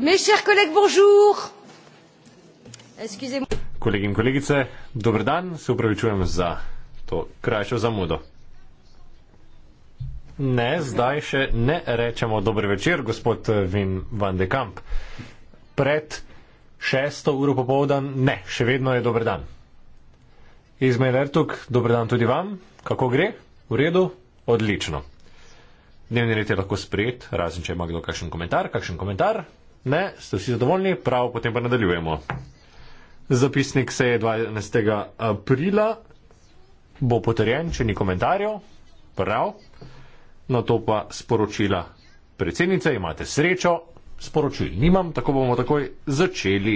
Mes chers collègues, bonjour. Excusez-moi. Kolegi in kolegice, dober dan, se upravičujem za to krajšo zamudo. Ne, zdaj še ne rečemo dober večer, gospod Vin van de Kamp. Pred šesto uro popovdan, ne, še vedno je dober dan. Izmed Ertug, dober dan tudi vam, kako gre? V redu? Odlično. Dnevni red je lahko sprejet, razen če ima kdo kakšen komentar, kakšen komentar, ne, ste vsi zadovoljni, prav, potem pa nadaljujemo. Zapisnik se je 12. aprila, bo potrjen, če ni komentarjev, prav, na to pa sporočila predsednice, imate srečo, sporočil nimam, tako bomo takoj začeli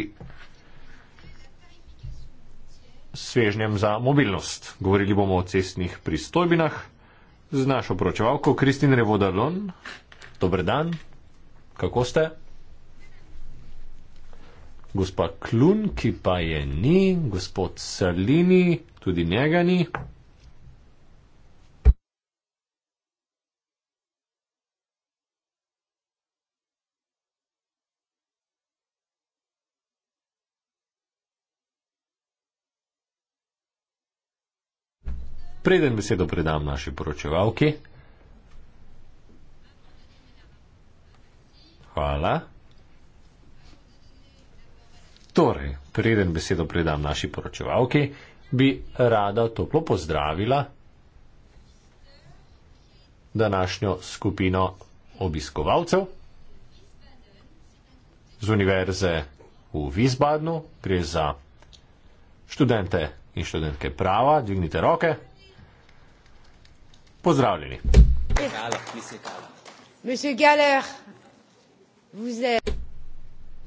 svežnjem za mobilnost. Govorili bomo o cestnih pristojbinah z našo poročevalko Kristin Revodalon. Dobr dan, kako ste? Gospa Klun, ki pa je ni, gospod Salini, tudi njega ni. Preden besedo predam naši poročevalki. Hvala. Torej, preden besedo predam naši poročevalki, bi rada toplo pozdravila današnjo skupino obiskovalcev z univerze v Visbadnu. Gre za študente in študentke prava. Dvignite roke pozdravljeni.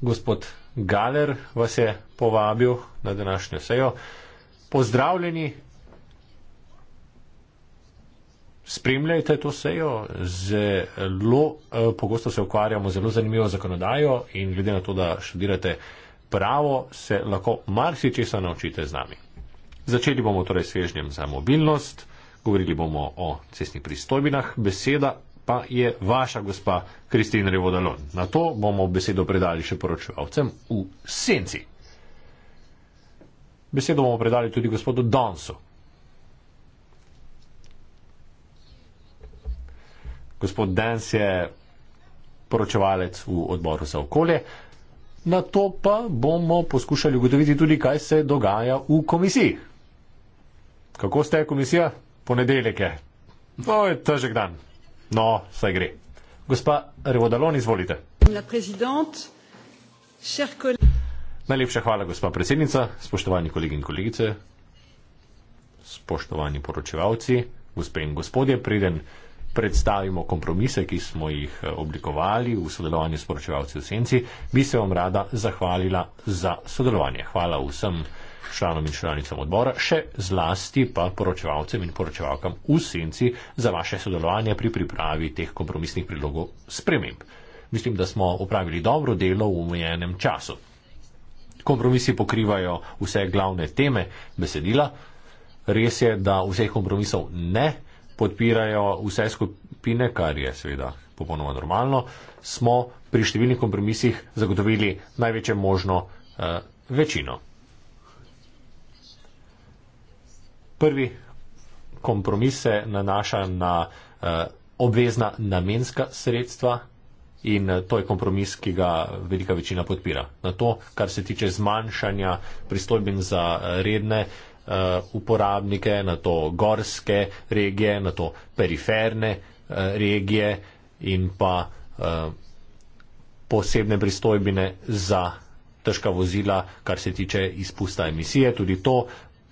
Gospod Galer vas je povabil na današnjo sejo. Pozdravljeni. Spremljajte to sejo, zelo eh, pogosto se ukvarjamo z zelo zanimivo zakonodajo in glede na to, da študirate pravo, se lahko marsičesa naučite z nami. Začeli bomo torej s svežnjem za mobilnost govorili bomo o cestnih pristojbinah, beseda pa je vaša gospa Kristina Revodalon. Na to bomo besedo predali še poročevalcem v senci. Besedo bomo predali tudi gospodu Donsu. Gospod Dens je poročevalec v odboru za okolje. Na to pa bomo poskušali ugotoviti tudi, kaj se dogaja v komisiji. Kako ste, komisija? ponedeljek je. To no, je težek dan. No, saj gre. Gospa Revodalon, izvolite. Najlepša hvala, gospa predsednica, spoštovani kolegi in kolegice, spoštovani poročevalci, gospe in gospodje, preden predstavimo kompromise, ki smo jih eh, oblikovali v sodelovanju s poročevalci v Senci, bi se vam rada zahvalila za sodelovanje. Hvala vsem članom in članicam odbora, še zlasti pa poročevalcem in poročevalkam v senci za vaše sodelovanje pri pripravi teh kompromisnih predlogov sprememb. Mislim, da smo upravili dobro delo v omejenem času. Kompromisi pokrivajo vse glavne teme besedila. Res je, da vseh kompromisov ne podpirajo vse skupine, kar je seveda popolnoma normalno. Smo pri številnih kompromisih zagotovili največje možno uh, večino. prvi kompromis se nanaša na eh, obvezna namenska sredstva in eh, to je kompromis, ki ga velika večina podpira. Na to, kar se tiče zmanjšanja pristojbin za eh, redne eh, uporabnike, na to gorske regije, na to periferne eh, regije in pa eh, posebne pristojbine za težka vozila, kar se tiče izpusta emisije. Tudi to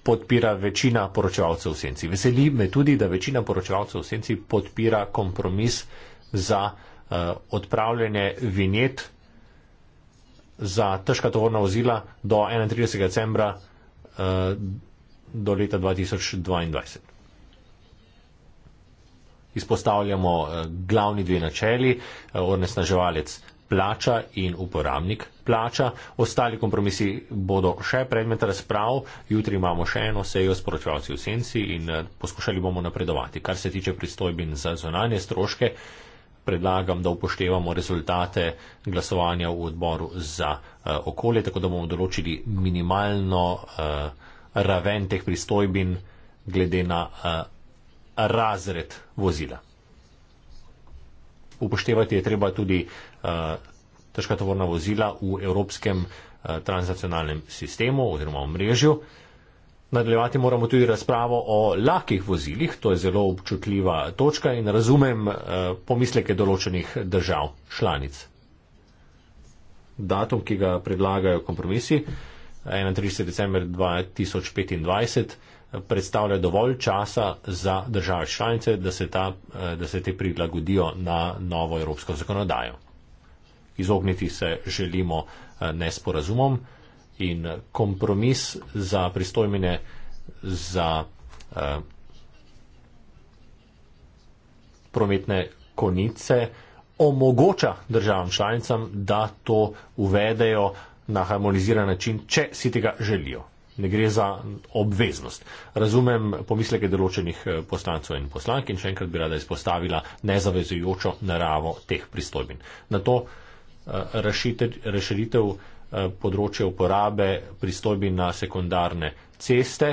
podpira večina poročevalcev v senci. Veseli me tudi, da večina poročevalcev v senci podpira kompromis za uh, odpravljanje vinjet za težka tovorna vozila do 31. decembra uh, do leta 2022. Izpostavljamo eh, glavni dve načeli, onesnaževalec plača in uporabnik plača. Ostali kompromisi bodo še predmet razprav. Jutri imamo še eno sejo s poročevalci v senci in eh, poskušali bomo napredovati. Kar se tiče pristojbin za zonanje stroške, predlagam, da upoštevamo rezultate glasovanja v odboru za eh, okolje, tako da bomo določili minimalno eh, raven teh pristojbin glede na razred vozila. Upoštevati je treba tudi uh, Eh, težka tovorna vozila v evropskem eh, transnacionalnem sistemu oziroma omrežju. Nadaljevati moramo tudi razpravo o lahkih vozilih, to je zelo občutljiva točka in razumem eh, pomisleke določenih držav članic. Datum, ki ga predlagajo kompromisi, 31. december 2025, predstavlja dovolj časa za države članice, da se, ta, da se te prilagodijo na novo evropsko zakonodajo izogniti se želimo eh, nesporazumom in kompromis za pristojmine za eh, prometne konice omogoča državam članicam, da to uvedejo na harmoniziran način, če si tega želijo. Ne gre za obveznost. Razumem pomisleke določenih eh, poslancov in poslank in še enkrat bi rada izpostavila nezavezujočo naravo teh pristojbin. Na to Eh, razširitev eh, področja uporabe pristojbi na sekundarne ceste.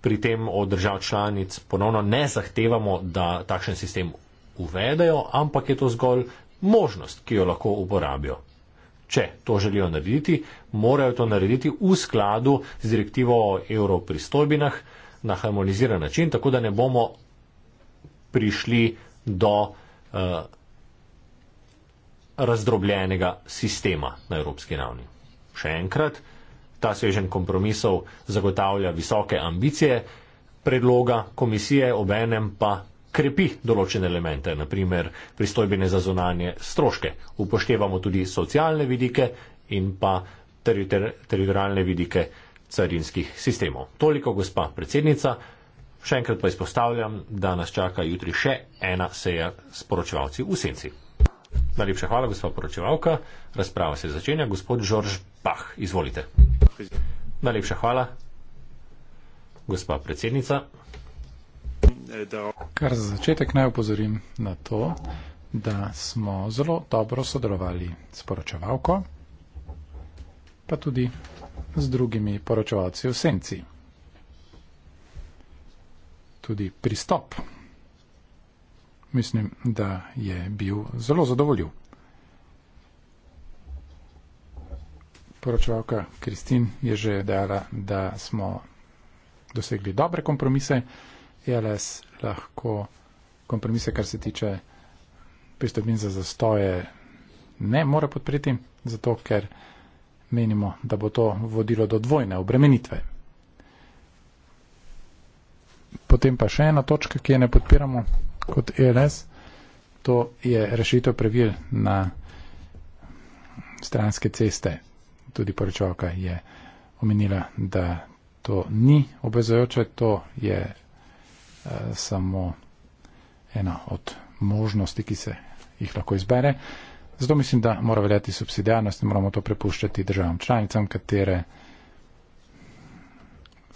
Pri tem od držav članic ponovno ne zahtevamo, da takšen sistem uvedejo, ampak je to zgolj možnost, ki jo lahko uporabijo. Če to želijo narediti, morajo to narediti v skladu z direktivo o europristojbinah na harmoniziran način, tako da ne bomo prišli do uh, razdrobljenega sistema na evropski ravni. Še enkrat, ta svežen kompromisov zagotavlja visoke ambicije predloga komisije, obenem pa krepi določene elemente, naprimer pristojbine za zunanje stroške. Upoštevamo tudi socialne vidike in pa teritorijalne vidike carinskih sistemov. Toliko, gospa predsednica. Še enkrat pa izpostavljam, da nas čaka jutri še ena seja s poročevalci v senci. Najlepša hvala, gospa poročevalka. Razprava se začenja. Gospod Žorž Bah, izvolite. Najlepša hvala, gospa predsednica. Kar za začetek naj upozorim na to, da smo zelo dobro sodelovali s poročevalko, pa tudi z drugimi poročevalci v senci. Tudi pristop mislim, da je bil zelo zadovoljiv. Poročevalka Kristin je že dejala, da smo dosegli dobre kompromise. ELS lahko kompromise, kar se tiče pristopin za zastoje, ne more podpreti, zato ker menimo, da bo to vodilo do dvojne obremenitve. Potem pa še ena točka, ki je ne podpiramo, kot ELS. To je rešitev pravil na stranske ceste. Tudi poročavka je omenila, da to ni obvezojoče, to je uh, samo ena od možnosti, ki se jih lahko izbere. Zato mislim, da mora veljati subsidijarnost in moramo to prepuščati državam članicam, katere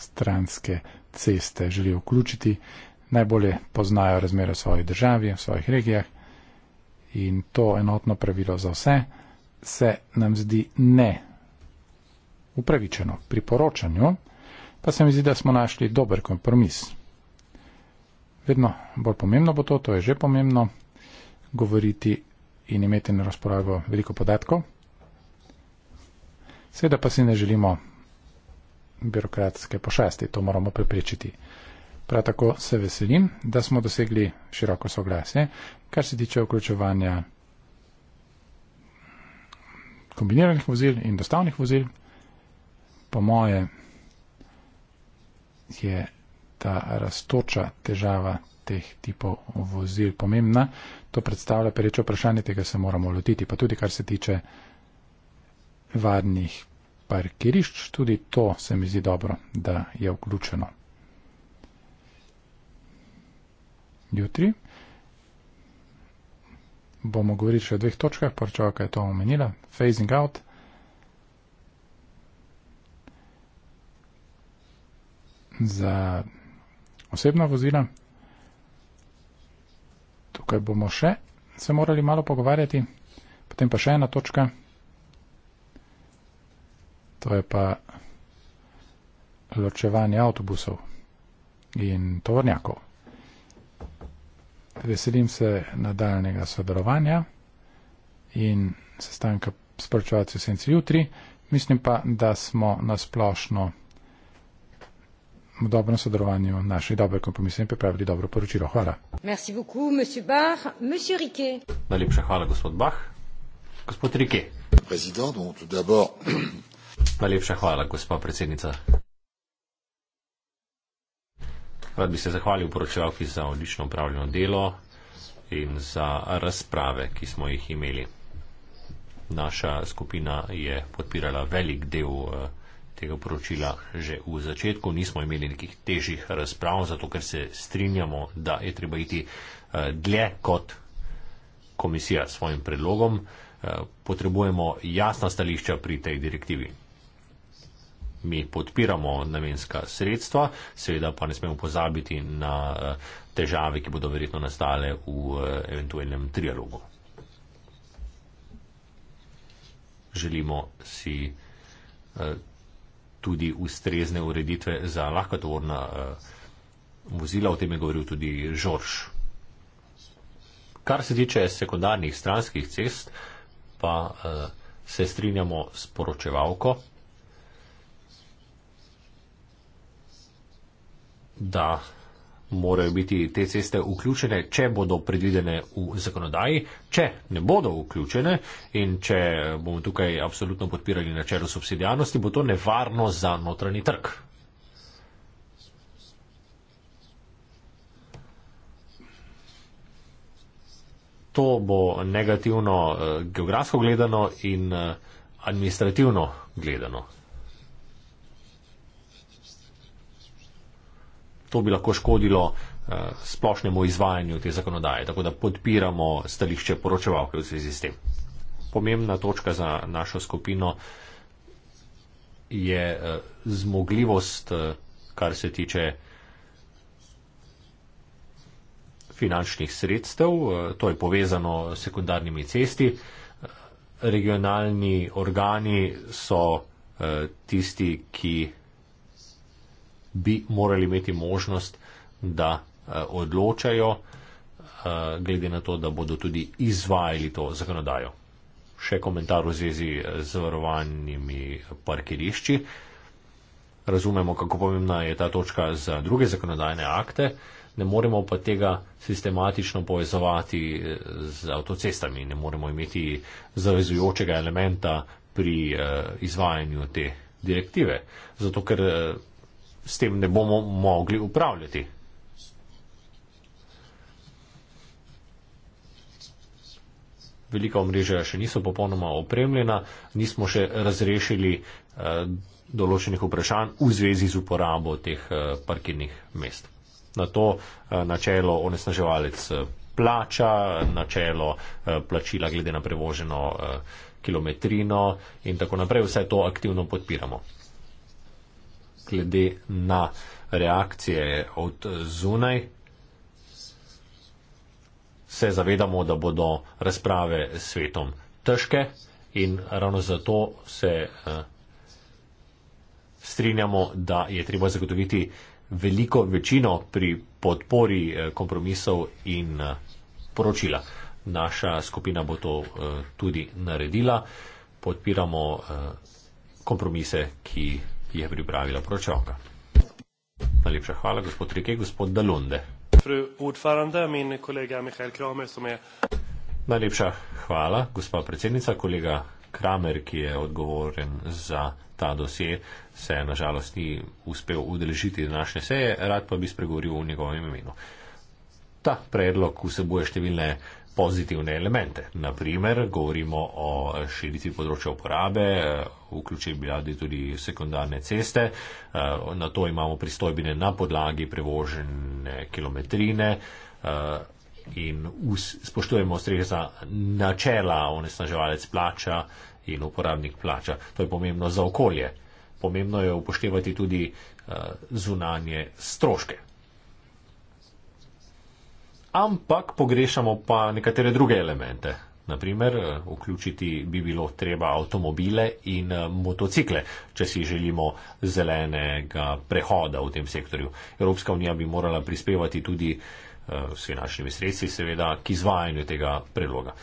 stranske ceste želijo vključiti najbolje poznajo razmere v svoji državi, v svojih regijah in to enotno pravilo za vse se nam zdi ne upravičeno pri poročanju, pa se mi zdi, da smo našli dober kompromis. Vedno bolj pomembno bo to, to je že pomembno, govoriti in imeti na razpolago veliko podatkov. Seveda pa si ne želimo birokratske pošasti, to moramo preprečiti. Prav tako se veselim, da smo dosegli široko soglasje, kar se tiče vključevanja kombiniranih vozil in dostavnih vozil. Po moje je ta raztoča težava teh tipov vozil pomembna. To predstavlja pereče vprašanje, tega se moramo lotiti, pa tudi kar se tiče varnih parkirišč, tudi to se mi zdi dobro, da je vključeno. jutri. Bomo govorili še o dveh točkah, prvo, kaj je to omenila, phasing out. Za osebna vozila. Tukaj bomo še se morali malo pogovarjati, potem pa še ena točka. To je pa ločevanje avtobusov in tovornjakov. Veselim se nadaljnega sodelovanja in sestanka s pročovalci v senci jutri. Mislim pa, da smo na splošno v dobrem sodelovanju našli dobre kompromise in pripravili dobro poročilo. Hvala. Merci beaucoup, monsieur Bach, monsieur Rike. Najlepša hvala, gospod Bach. Gospod Rike. Najlepša hvala, gospod predsednica. Rad bi se zahvalil poročevalki za odlično upravljeno delo in za razprave, ki smo jih imeli. Naša skupina je podpirala velik del eh, tega poročila že v začetku. Nismo imeli nekih težjih razprav, zato ker se strinjamo, da je treba iti eh, dlje kot komisija s svojim predlogom. Eh, potrebujemo jasna stališča pri tej direktivi mi podpiramo namenska sredstva, seveda pa ne smemo pozabiti na eh, težave, ki bodo verjetno nastale v eh, eventualnem trialogu. Želimo si eh, tudi ustrezne ureditve za lahkotovorna vozila, o tem je govoril tudi Žorž. Kar se tiče sekundarnih stranskih cest, pa se strinjamo s poročevalko. da morajo biti te ceste vključene, če bodo predvidene v zakonodaji, če ne bodo vključene in če bomo tukaj absolutno podpirali načelo subsidijarnosti, bo to nevarno za notranji trg. To bo negativno eh, geografsko gledano in eh, administrativno gledano. to bi lahko škodilo uh, splošnemu izvajanju te zakonodaje. Tako da podpiramo stališče poročevalke v zvezi s tem. Pomembna točka za našo skupino je uh, zmogljivost, uh, kar se tiče finančnih sredstev. Uh, to je povezano s sekundarnimi cesti. Regionalni organi so uh, tisti, ki bi morali imeti možnost, da eh, odločajo, eh, glede na to, da bodo tudi izvajali to zakonodajo. Še komentar v zvezi eh, z varovanimi parkirišči. Razumemo, kako pomembna je ta točka za druge zakonodajne akte, ne moremo pa tega sistematično povezovati z avtocestami, ne moremo imeti zavezujočega elementa pri izvajanju te direktive. Zato, ker s tem ne bomo mogli upravljati. Velika omrežja še niso popolnoma opremljena, nismo še razrešili eh, določenih vprašanj v zvezi z uporabo teh eh, parkirnih mest. Na to eh, načelo onesnaževalec eh, plača, načelo eh, plačila glede na prevoženo eh, kilometrino in tako naprej, vse to aktivno podpiramo glede na reakcije od zunaj. Se zavedamo, da bodo razprave s svetom težke in ravno zato se eh, strinjamo, da je treba zagotoviti veliko večino pri podpori eh, kompromisov in eh, poročila. Naša skupina bo to tudi naredila. Podpiramo kompromise, ki ki je pripravila pročevka. Najlepša hvala, gospod Rike, gospod Dalonde. Fru Udfarande, min kolega Mihajl Kramer, so me. Najlepša hvala, gospa predsednica, kolega Kramer, ki je odgovoren za ta dosje, se nažalost ni uspel udeležiti današnje seje, rad pa bi spregovoril v njegovem imenu. Ta predlog vsebuje številne pozitivne elemente. Naprimer, govorimo o širitvi področja uporabe, eh, vključili bi radi tudi sekundarne ceste, eh, na to imamo pristojbine na podlagi prevožene kilometrine eh, in spoštujemo ustreza načela onesnaževalec plača in uporabnik plača. To je pomembno za okolje. Pomembno je upoštevati tudi zunanje stroške ampak pogrešamo pa nekatere druge elemente. Naprimer, eh, vključiti bi bilo treba avtomobile in eh, motocikle, če si želimo zelenega prehoda v tem sektorju. Evropska unija bi morala prispevati tudi eh, s finančnimi sredstvi, seveda, k izvajanju tega predloga.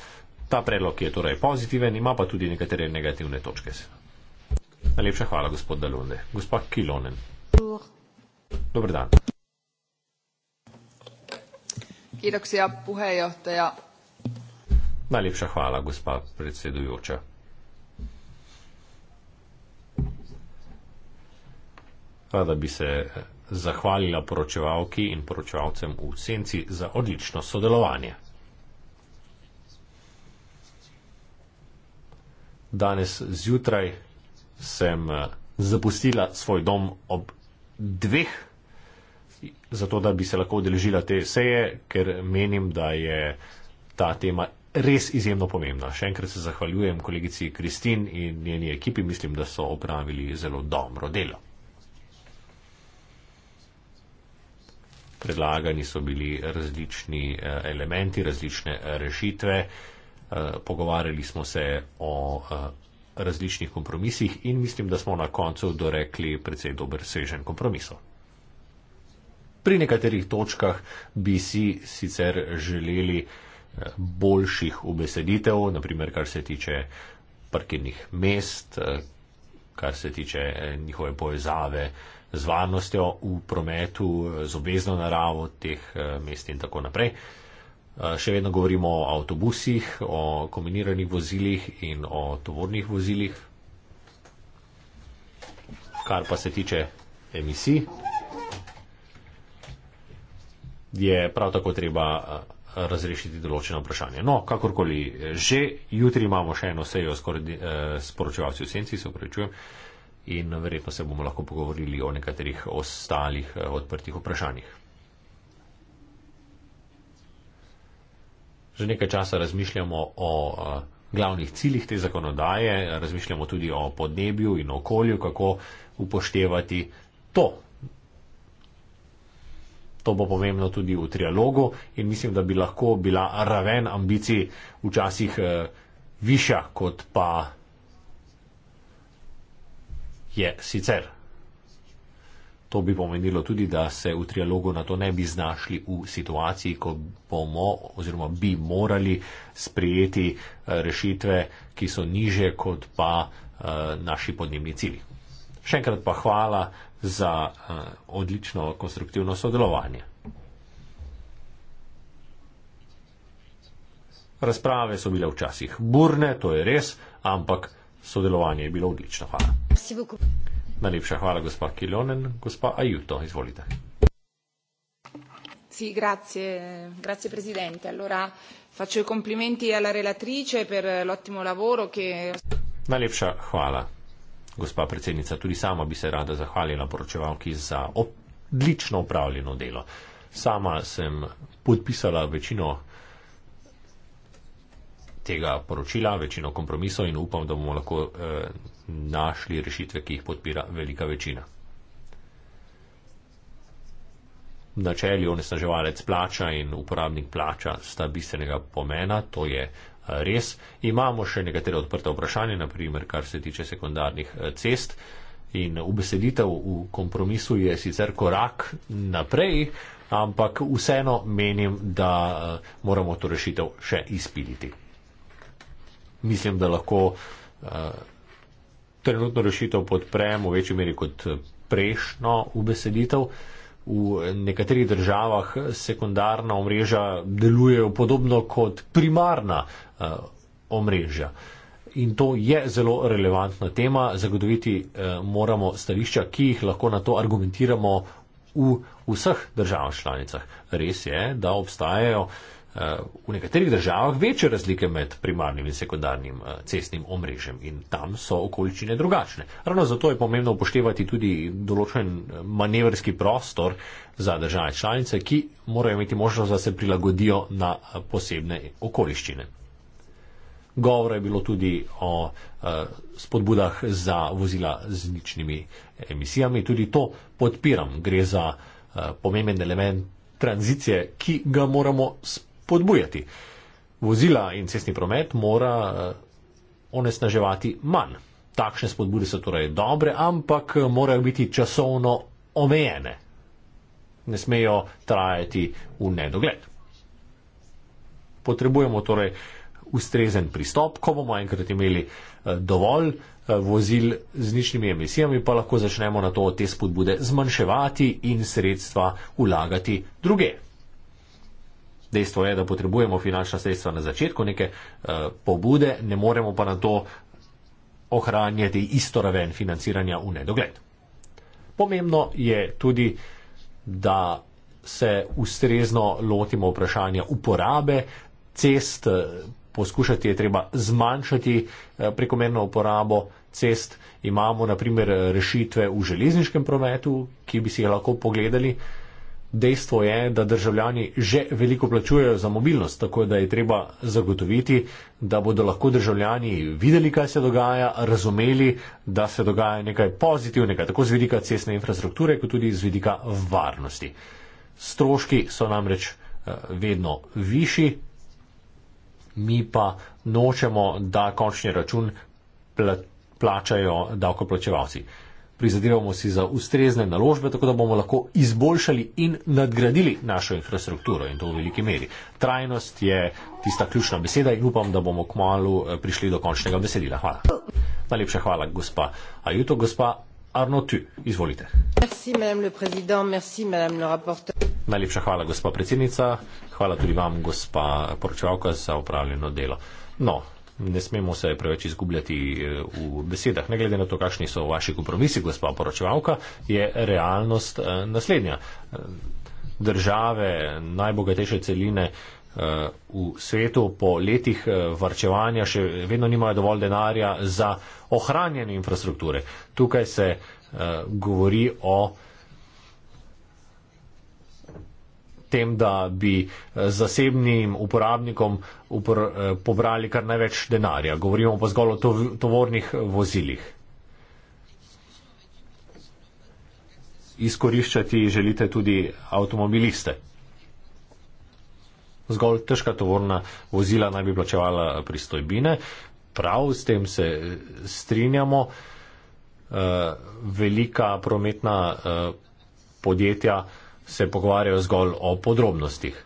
Ta predlog je torej pozitiven, ima pa tudi nekatere negativne točke. Najlepša hvala, gospod Dalunde. Gospod Kilonen. Dobro. Dobar dan. Kiitoksia puheenjohtaja. Najlepša hvala, gospa predsedujoča. Rada bi se zahvalila poročevalki in poročevalcem v senci za odlično sodelovanje. Danes zjutraj sem eh, zapustila svoj dom ob dveh zato, da bi se lahko odeležila te seje, ker menim, da je ta tema res izjemno pomembna. Še enkrat se zahvaljujem kolegici Kristin in njeni ekipi. Mislim, da so opravili zelo dobro delo. Predlagani so bili različni eh, elementi, različne rešitve. Eh, pogovarjali smo se o eh, različnih kompromisih in mislim, da smo na koncu dorekli precej dober svežen kompromisov pri nekaterih točkah bi si sicer želeli eh, boljših ubeseditev, naprimer kar se tiče parkirnih mest, eh, kar se tiče eh, njihove povezave z varnostjo v prometu, z obvezno naravo teh mest in tako naprej. Še vedno govorimo o avtobusih, o kombiniranih vozilih in o tovornih vozilih. Kar pa se tiče emisij, je prav tako treba eh, razrešiti določeno vprašanje. No, kakorkoli, že jutri imamo še eno sejo s eh, poročevalci v senci, se upravičujem, in verjetno se bomo lahko pogovorili o nekaterih ostalih eh, odprtih vprašanjih. Že nekaj časa razmišljamo o glavnih ciljih te zakonodaje, razmišljamo tudi o podnebju in okolju, kako upoštevati to, To bo pomembno tudi v trialogu in mislim, da bi lahko bila raven ambicij včasih eh, viša, kot pa je sicer. To bi pomenilo tudi, da se v trialogu na to ne bi znašli v situaciji, ko bomo oziroma bi morali sprejeti eh, rešitve, ki so niže kot pa uh, naši podnebni cilji. Še enkrat pa hvala za eh, odlično konstruktivno sodelovanje. Razprave so bile včasih burne, to je res, ampak sodelovanje je bilo odlično. Hvala. Najlepša hvala, gospa Kilonen. Gospa Ajuto, izvolite. Sì, grazie, grazie Presidente. Allora faccio i complimenti alla relatrice per l'ottimo lavoro che. Najlepša hvala, Gospa predsednica, tudi sama bi se rada zahvalila poročevalki za odlično upravljeno delo. Sama sem podpisala večino tega poročila, večino kompromisov in upam, da bomo lahko eh, našli rešitve, ki jih podpira velika večina. Načeli onesnaževalec plača in uporabnik plača sta bistvenega pomena, to je res. Imamo še nekatere odprte vprašanje, naprimer, kar se tiče sekundarnih eh, cest. In ubeseditev v kompromisu je sicer korak naprej, ampak vseeno menim, da eh, moramo to rešitev še izpiliti. Mislim, da lahko eh, trenutno rešitev podprem v večji meri kot prejšnjo ubeseditev v nekaterih državah sekundarna omrežja delujejo podobno kot primarna eh, omrežja. In to je zelo relevantna tema, zagotoviti eh, moramo stališča, ki jih lahko na to argumentiramo v vseh državah članicah. Res je, da obstajajo Eh, v nekaterih državah večje razlike med primarnim in sekundarnim eh, cestnim omrežjem in tam so okoličine drugačne. Ravno zato je pomembno upoštevati tudi določen eh, manevrski prostor za države članice, ki morajo imeti možnost, da se prilagodijo na posebne okoliščine. Govora je bilo tudi o spodbudah za vozila z ničnimi emisijami. Tudi to podpiram. Gre za pomemben element tranzicije, ki ga moramo spodbuditi podbujati. Vozila in cestni promet mora eh, onesnaževati manj. Takšne spodbude so torej dobre, ampak eh, morajo biti časovno omejene. Ne smejo trajati v nedogled. Potrebujemo torej ustrezen pristop, ko bomo enkrat imeli eh, dovolj vozil z ničnimi emisijami, pa lahko začnemo na to te spodbude zmanjševati in sredstva ulagati druge. Dejstvo je, da potrebujemo finančna sredstva na začetku neke e, pobude, ne moremo pa na to ohranjati isto raven financiranja v nedogled. Pomembno je tudi, da se ustrezno lotimo vprašanja uporabe cest, eh, poskušati je treba zmanjšati eh, prekomerno uporabo cest. Imamo naprimer rešitve v železniškem prometu, ki bi si jih lahko pogledali. Dejstvo je, da državljani že veliko plačujejo za mobilnost, tako da je treba zagotoviti, da bodo lahko državljani videli, kaj se dogaja, razumeli, da se dogaja nekaj pozitivnega, tako z vidika cestne infrastrukture, kot tudi z vidika varnosti. Stroški so namreč eh, vedno višji, mi pa nočemo, da končni račun plačajo davkoplačevalci prizadevamo si za ustrezne naložbe, tako da bomo lahko izboljšali in nadgradili našo infrastrukturo in to v veliki meri. Trajnost je tista ključna beseda in upam, da bomo kmalo eh, prišli do končnega besedila. Hvala. Najlepša hvala, gospa Ajuto. Gospa Arnotu, izvolite. Merci, Merci, Najlepša hvala, gospa predsednica. Hvala tudi vam, gospa poročevalka, za upravljeno delo. No, ne smemo se preveč izgubljati eh, v besedah. Ne glede na to, kakšni so vaši kompromisi, gospa poročevalka, je realnost eh, naslednja. Eh, države najbogatejše celine v svetu po letih varčevanja še vedno nimajo dovolj denarja za ohranjanje infrastrukture. Tukaj se govori o tem, da bi eh, zasebnim uporabnikom upor, eh, pobrali kar največ denarja. Govorimo pa zgolj o tovornih eh, vozilih. Izkoriščati želite tudi avtomobiliste. Zgolj težka tovorna vozila naj bi plačevala pristojbine. Prav s tem se strinjamo. Velika prometna podjetja se pogovarjajo zgolj o podrobnostih.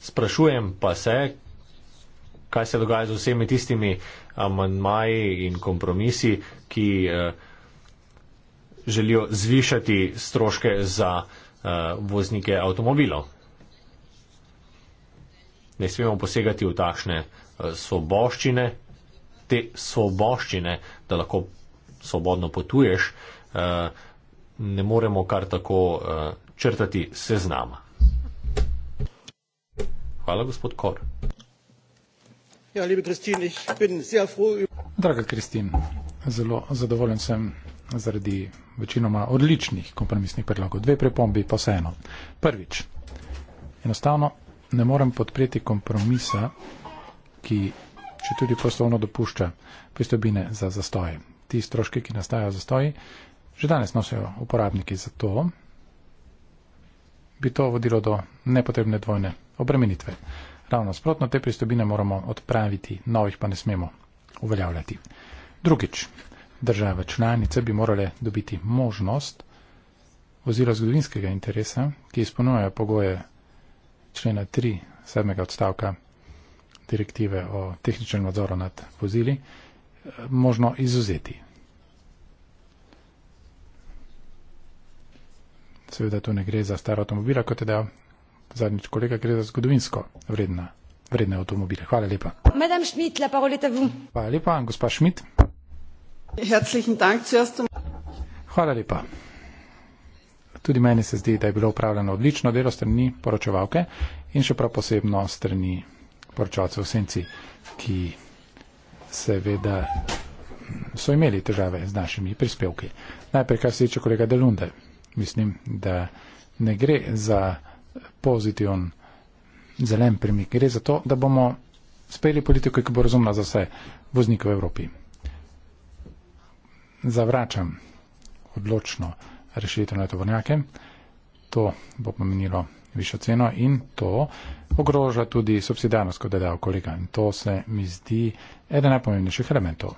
Sprašujem pa se, kaj se dogaja z vsemi tistimi amandmaji in kompromisi, ki eh, želijo zvišati stroške za eh, voznike avtomobilov. Ne smemo posegati v takšne eh, svoboščine, te svoboščine, da lahko svobodno potuješ. Eh, ne moremo kar tako uh, črtati seznama. Hvala, gospod Kor. Ja, Draga Kristin, zelo zadovoljen sem zaradi večinoma odličnih kompromisnih predlogov. Dve prepombi pa vseeno. Prvič, enostavno ne morem podpreti kompromisa, ki če tudi poslovno dopušča pristobine za zastoje. Ti stroški, ki nastajajo zastoji, Že danes nosijo uporabniki za to, bi to vodilo do nepotrebne dvojne obremenitve. Ravno sprotno, te pristobine moramo odpraviti, novih pa ne smemo uveljavljati. Drugič, države članice bi morale dobiti možnost ozira zgodovinskega interesa, ki izpolnjujejo pogoje člena 3 sedmega odstavka direktive o tehničnem nadzoru nad vozili, eh, možno izuzeti. seveda to ne gre za star avtomobil, kot je da zadnjič kolega gre za zgodovinsko vredna, vredne avtomobile. Hvala lepa. Schmidt, la Hvala lepa, gospa Šmit. Hvala lepa. Tudi meni se zdi, da je bilo upravljeno odlično delo strani poročevalke in še prav posebno strani poročevalcev v senci, ki seveda so imeli težave z našimi prispevki. Najprej, kar se tiče kolega Delunde. Mislim, da ne gre za pozitivn zelen premik, gre za to, da bomo speli politiko, ki bo razumna za vse voznike v Evropi. Zavračam odločno rešitev na tovornjake, to bo pomenilo višjo ceno in to ogroža tudi subsidijarnost, kot je dal kolega. In to se mi zdi eden najpomembnejših elementov.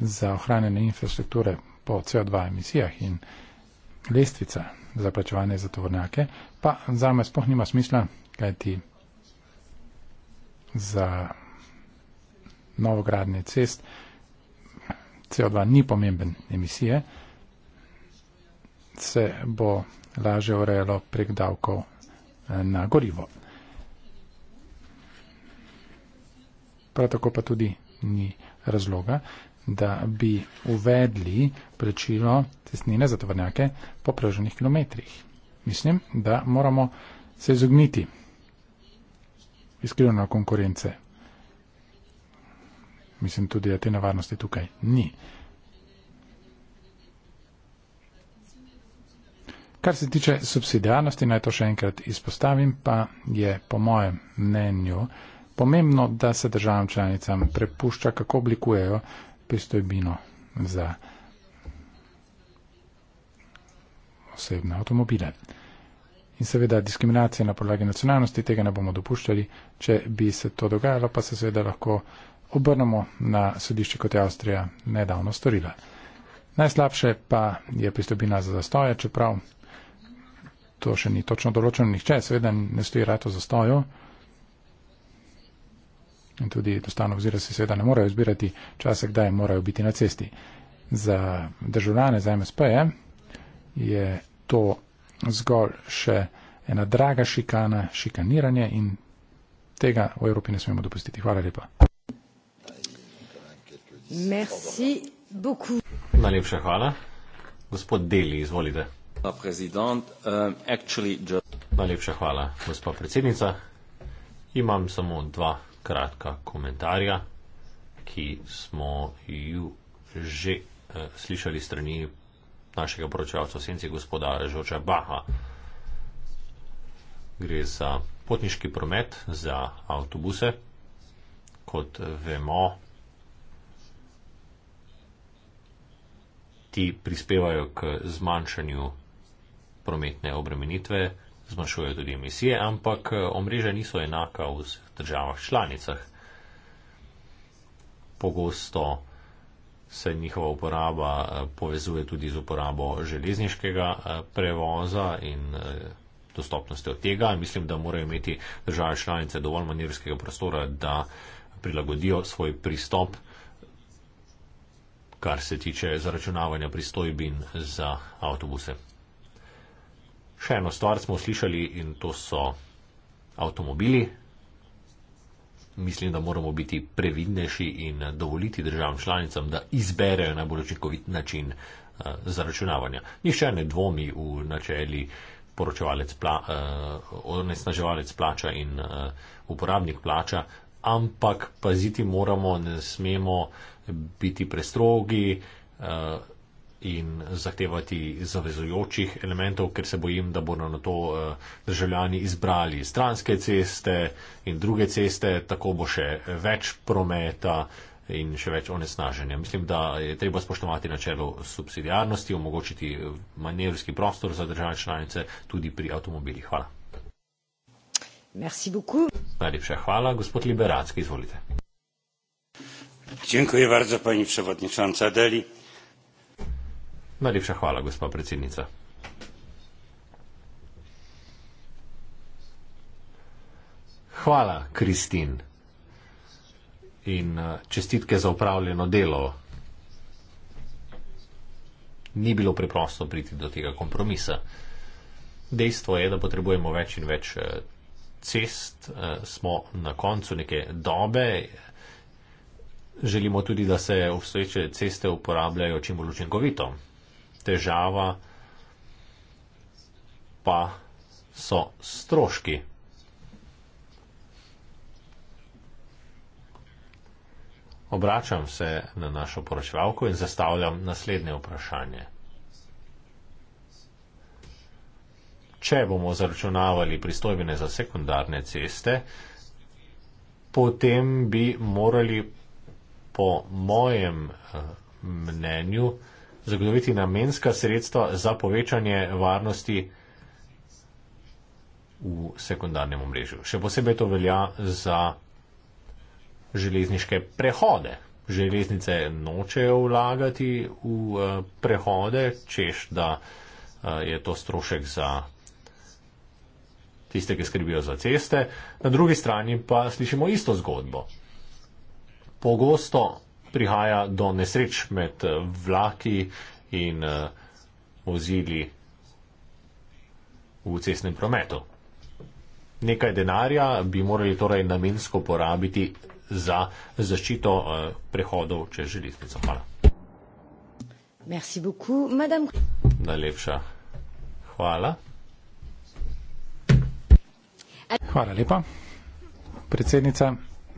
za ohranjanje infrastrukture po CO2 emisijah in lestvica za plačevanje za tovornjake, pa za me sploh nima smisla, kaj ti za novogradne cest CO2 ni pomemben emisije, se bo laže urejalo prek davkov eh, na gorivo. Prav tako pa tudi ni razloga, da bi uvedli plačilo cestnine za tovrnjake po preženih kilometrih. Mislim, da moramo se izogniti iskreno konkurence. Mislim tudi, da te nevarnosti tukaj ni. Kar se tiče subsidijarnosti, naj to še enkrat izpostavim, pa je po mojem mnenju pomembno, da se državam članicam prepušča, kako oblikujejo pristojbino za osebne avtomobile. In seveda diskriminacija na podlagi nacionalnosti, tega ne bomo dopuščali, če bi se to dogajalo, pa se seveda lahko obrnemo na sodišče, kot je Avstrija nedavno storila. Najslabše pa je pristojbina za zastoje, čeprav to še ni točno določeno, nihče seveda ne stoji rato zastojo in tudi dostanov vzira si seveda ne morejo izbirati časa, kdaj morajo biti na cesti. Za državljane, za MSP -je, je to zgolj še ena draga šikana, šikaniranje in tega v Evropi ne smemo dopustiti. Hvala lepa. Merci beaucoup. Najlepša hvala. Gospod Deli, izvolite. Eh, Najlepša hvala, gospod predsednica. Imam samo dva kratka komentarja, ki smo ju že eh, slišali strani našega poročevalca v senci gospoda Žoča Baha. Gre za potniški promet, za avtobuse. Kot eh, vemo, ti prispevajo k zmanjšanju prometne obremenitve zmanjšujejo tudi emisije, ampak eh, omrežja niso enaka v vseh državah članicah. Pogosto se njihova uporaba eh, povezuje tudi z uporabo železniškega eh, prevoza in dostopnosti od tega. Mislim, da morajo imeti države članice dovolj manjerskega prostora, da prilagodijo svoj pristop, kar se tiče zaračunavanja pristojbin za avtobuse. Še eno stvar smo slišali in to so avtomobili. Mislim, da moramo biti previdnejši in dovoliti državam članicam, da izberejo najbolj očinkovit način uh, zaračunavanja. Nišče ne dvomi v načeli poročevalec, pla, uh, onesnaževalec plača in uh, uporabnik plača, ampak paziti moramo, ne smemo biti prestrogi. Uh, in zahtevati zavezujočih elementov, ker se bojim, da bodo na to eh, državljani izbrali stranske ceste in druge ceste, tako bo še več prometa in še več onesnaženja. Mislim, da je treba spoštovati načelo subsidijarnosti, omogočiti eh, manevrski prostor za države članice tudi pri avtomobilih. Hvala. Najlepša hvala. Gospod Liberacki, izvolite. Dziękuję bardzo pani przewodnicząca Deli. Najlepša hvala, gospa predsednica. Hvala, Kristin. In eh, čestitke za upravljeno delo. Ni bilo preprosto priti do tega kompromisa. Dejstvo je, da potrebujemo več in več eh, cest, eh, smo na koncu neke dobe, želimo tudi, da se obstoječe ceste uporabljajo čim bolj učinkovito težava pa so stroški. Obračam se na našo poročevalko in zastavljam naslednje vprašanje. Če bomo zaračunavali pristojbine za sekundarne ceste, potem bi morali po mojem eh, mnenju zagotoviti namenska sredstva za povečanje varnosti v sekundarnem omrežju. Še posebej to velja za železniške prehode. Železnice nočejo vlagati v eh, prehode, češ da eh, je to strošek za tiste, ki skrbijo za ceste. Na drugi strani pa slišimo isto zgodbo. Pogosto prihaja do nesreč med eh, vlaki in eh, vozili v cestnem prometu. Nekaj denarja bi morali torej namensko porabiti za zaščito eh, prehodov čez železnico. Hvala. Najlepša hvala. Hvala lepa, predsednica.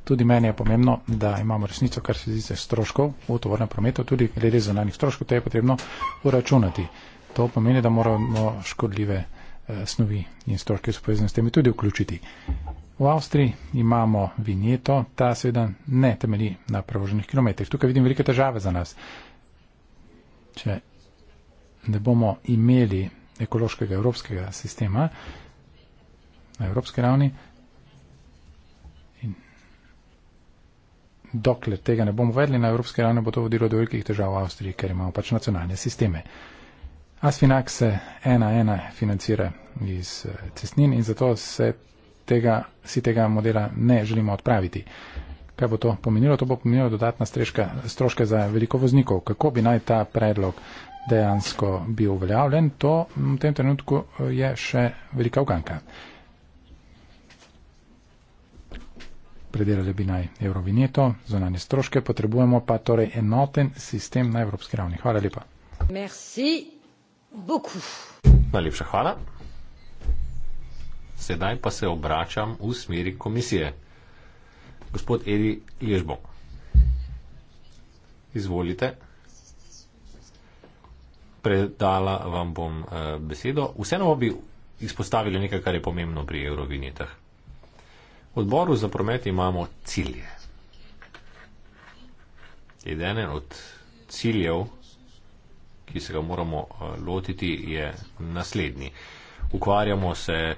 Tudi meni je pomembno, da imamo resnico, kar se zdi stroškov v tovornem prometu, tudi glede zunanjih stroškov, to je potrebno uračunati. To pomeni, da moramo škodljive eh, snovi in stroške, ki so povezane s temi, tudi vključiti. V Avstriji imamo vinjeto, ta seveda ne temeli na prevoženih kilometrih. Tukaj vidim velike težave za nas. Če ne bomo imeli ekološkega evropskega sistema na evropski ravni, dokler tega ne bomo vedli na evropske ravne, bo to vodilo do velikih težav v Avstriji, ker imamo pač nacionalne sisteme. Asfinak se ena ena financira iz eh, cestnin in zato se tega, si tega modela ne želimo odpraviti. Kaj bo to pomenilo? To bo pomenilo dodatna streška, stroške za veliko voznikov. Kako bi naj ta predlog dejansko bil uveljavljen, to v tem trenutku eh, je še velika uganka. predelali bi naj eurovineto, zunanje stroške, potrebujemo pa torej enoten sistem na evropski ravni. Hvala lepa. Merci beaucoup. Najlepša hvala. Sedaj pa se obračam v smeri komisije. Gospod Edi Ježbo. Izvolite. Predala vam bom eh, besedo. Vseeno bi izpostavili nekaj, kar je pomembno pri eurovinjetah odboru za promet imamo cilje. Eden od ciljev, ki se ga moramo eh, lotiti, je naslednji. Ukvarjamo se eh,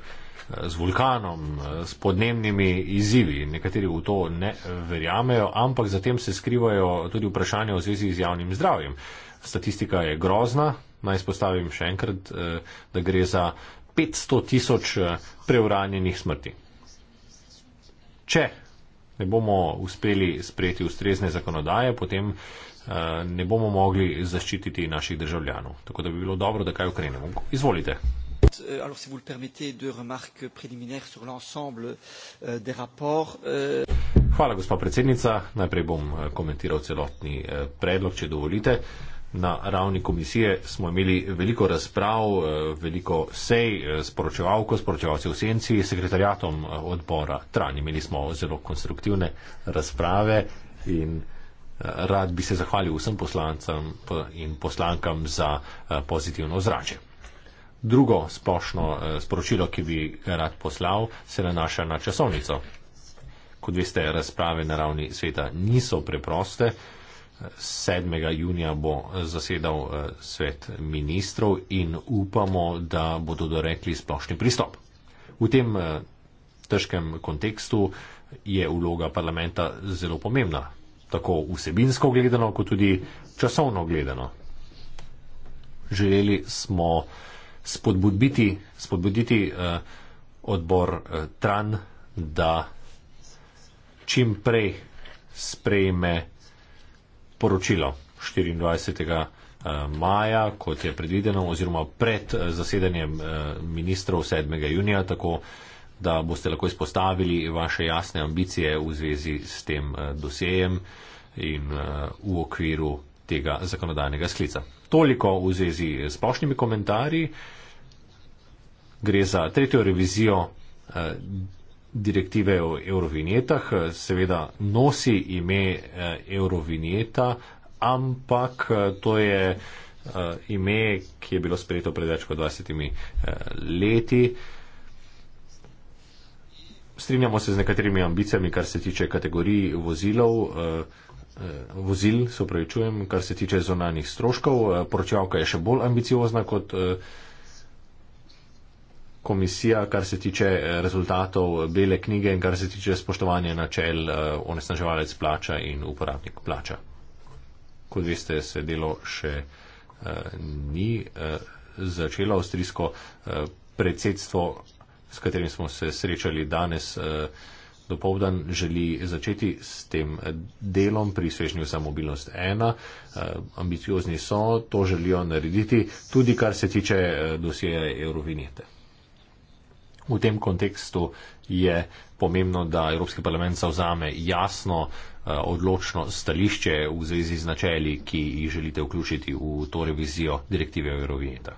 z vulkanom, eh, s podnebnimi izzivi. Nekateri v to ne verjamejo, ampak zatem se skrivajo tudi vprašanja v zvezi z javnim zdravjem. Statistika je grozna. Naj spostavim še enkrat, da gre za 500 tisoč preuranjenih smrti če ne bomo uspeli sprejeti ustrezne zakonodaje, potem eh, ne bomo mogli zaščititi naših državljanov. Tako da bi bilo dobro, da kaj ukrenemo. Izvolite. Alors, si vous le permettez, deux remarques préliminaires sur l'ensemble euh, des rapports. Euh... Hvala, gospa predsednica. Najprej bom eh, komentiral celotni euh, predlog, če dovolite. Euh, Na ravni komisije smo imeli veliko razprav, eh, veliko sej eh, s poročevalko, s poročevalci v senci, s sekretarjatom eh, odbora Tran. Imeli smo zelo konstruktivne razprave in rad bi se zahvalil vsem poslancem in poslankam za pozitivno ozračje. Drugo splošno sporočilo, ki bi rad poslal, se nanaša na časovnico. Kot veste, razprave na ravni sveta niso preproste. 7. junija bo eh, zasedal eh, svet ministrov in upamo, da bodo dorekli splošni pristop. V tem eh, težkem kontekstu je vloga parlamenta zelo pomembna, tako vsebinsko gledano, kot tudi časovno gledano. Želeli smo spodbuditi, spodbuditi odbor Tran, da čim prej sprejme poročilo 24. Eh, maja, kot je predvideno, oziroma pred eh, zasedanjem eh, ministrov 7. junija, tako da boste lahko izpostavili vaše jasne ambicije v zvezi s tem dosejem in v okviru tega zakonodajnega sklica. Toliko v zvezi s splošnimi komentarji. Gre za tretjo revizijo direktive o eurovinjetah, seveda nosi ime eh, eurovinjeta, ampak eh, to je eh, ime, ki je bilo sprejeto pred več kot 20 leti. Strinjamo se z nekaterimi ambicijami, kar se tiče kategorij vozilov, vozil, se upravičujem, kar se tiče zonalnih stroškov. Poročevalka je še bolj ambiciozna kot komisija, kar se tiče eh, rezultatov eh, bele knjige in kar se tiče spoštovanja načel eh, onesnaževalec plača in uporabnik plača. Kot veste, se delo še ni začelo. Avstrijsko predsedstvo, s katerim smo se srečali danes do povdan, želi začeti s tem delom pri svežnju za mobilnost 1. Ambiciozni so, to želijo narediti, tudi kar se tiče dosjeja Eurovinjete. V tem kontekstu je pomembno, da Evropski parlament zavzame jasno, eh, odločno stališče v zvezi z načeli, ki jih želite vključiti v to revizijo direktive Eurovineta.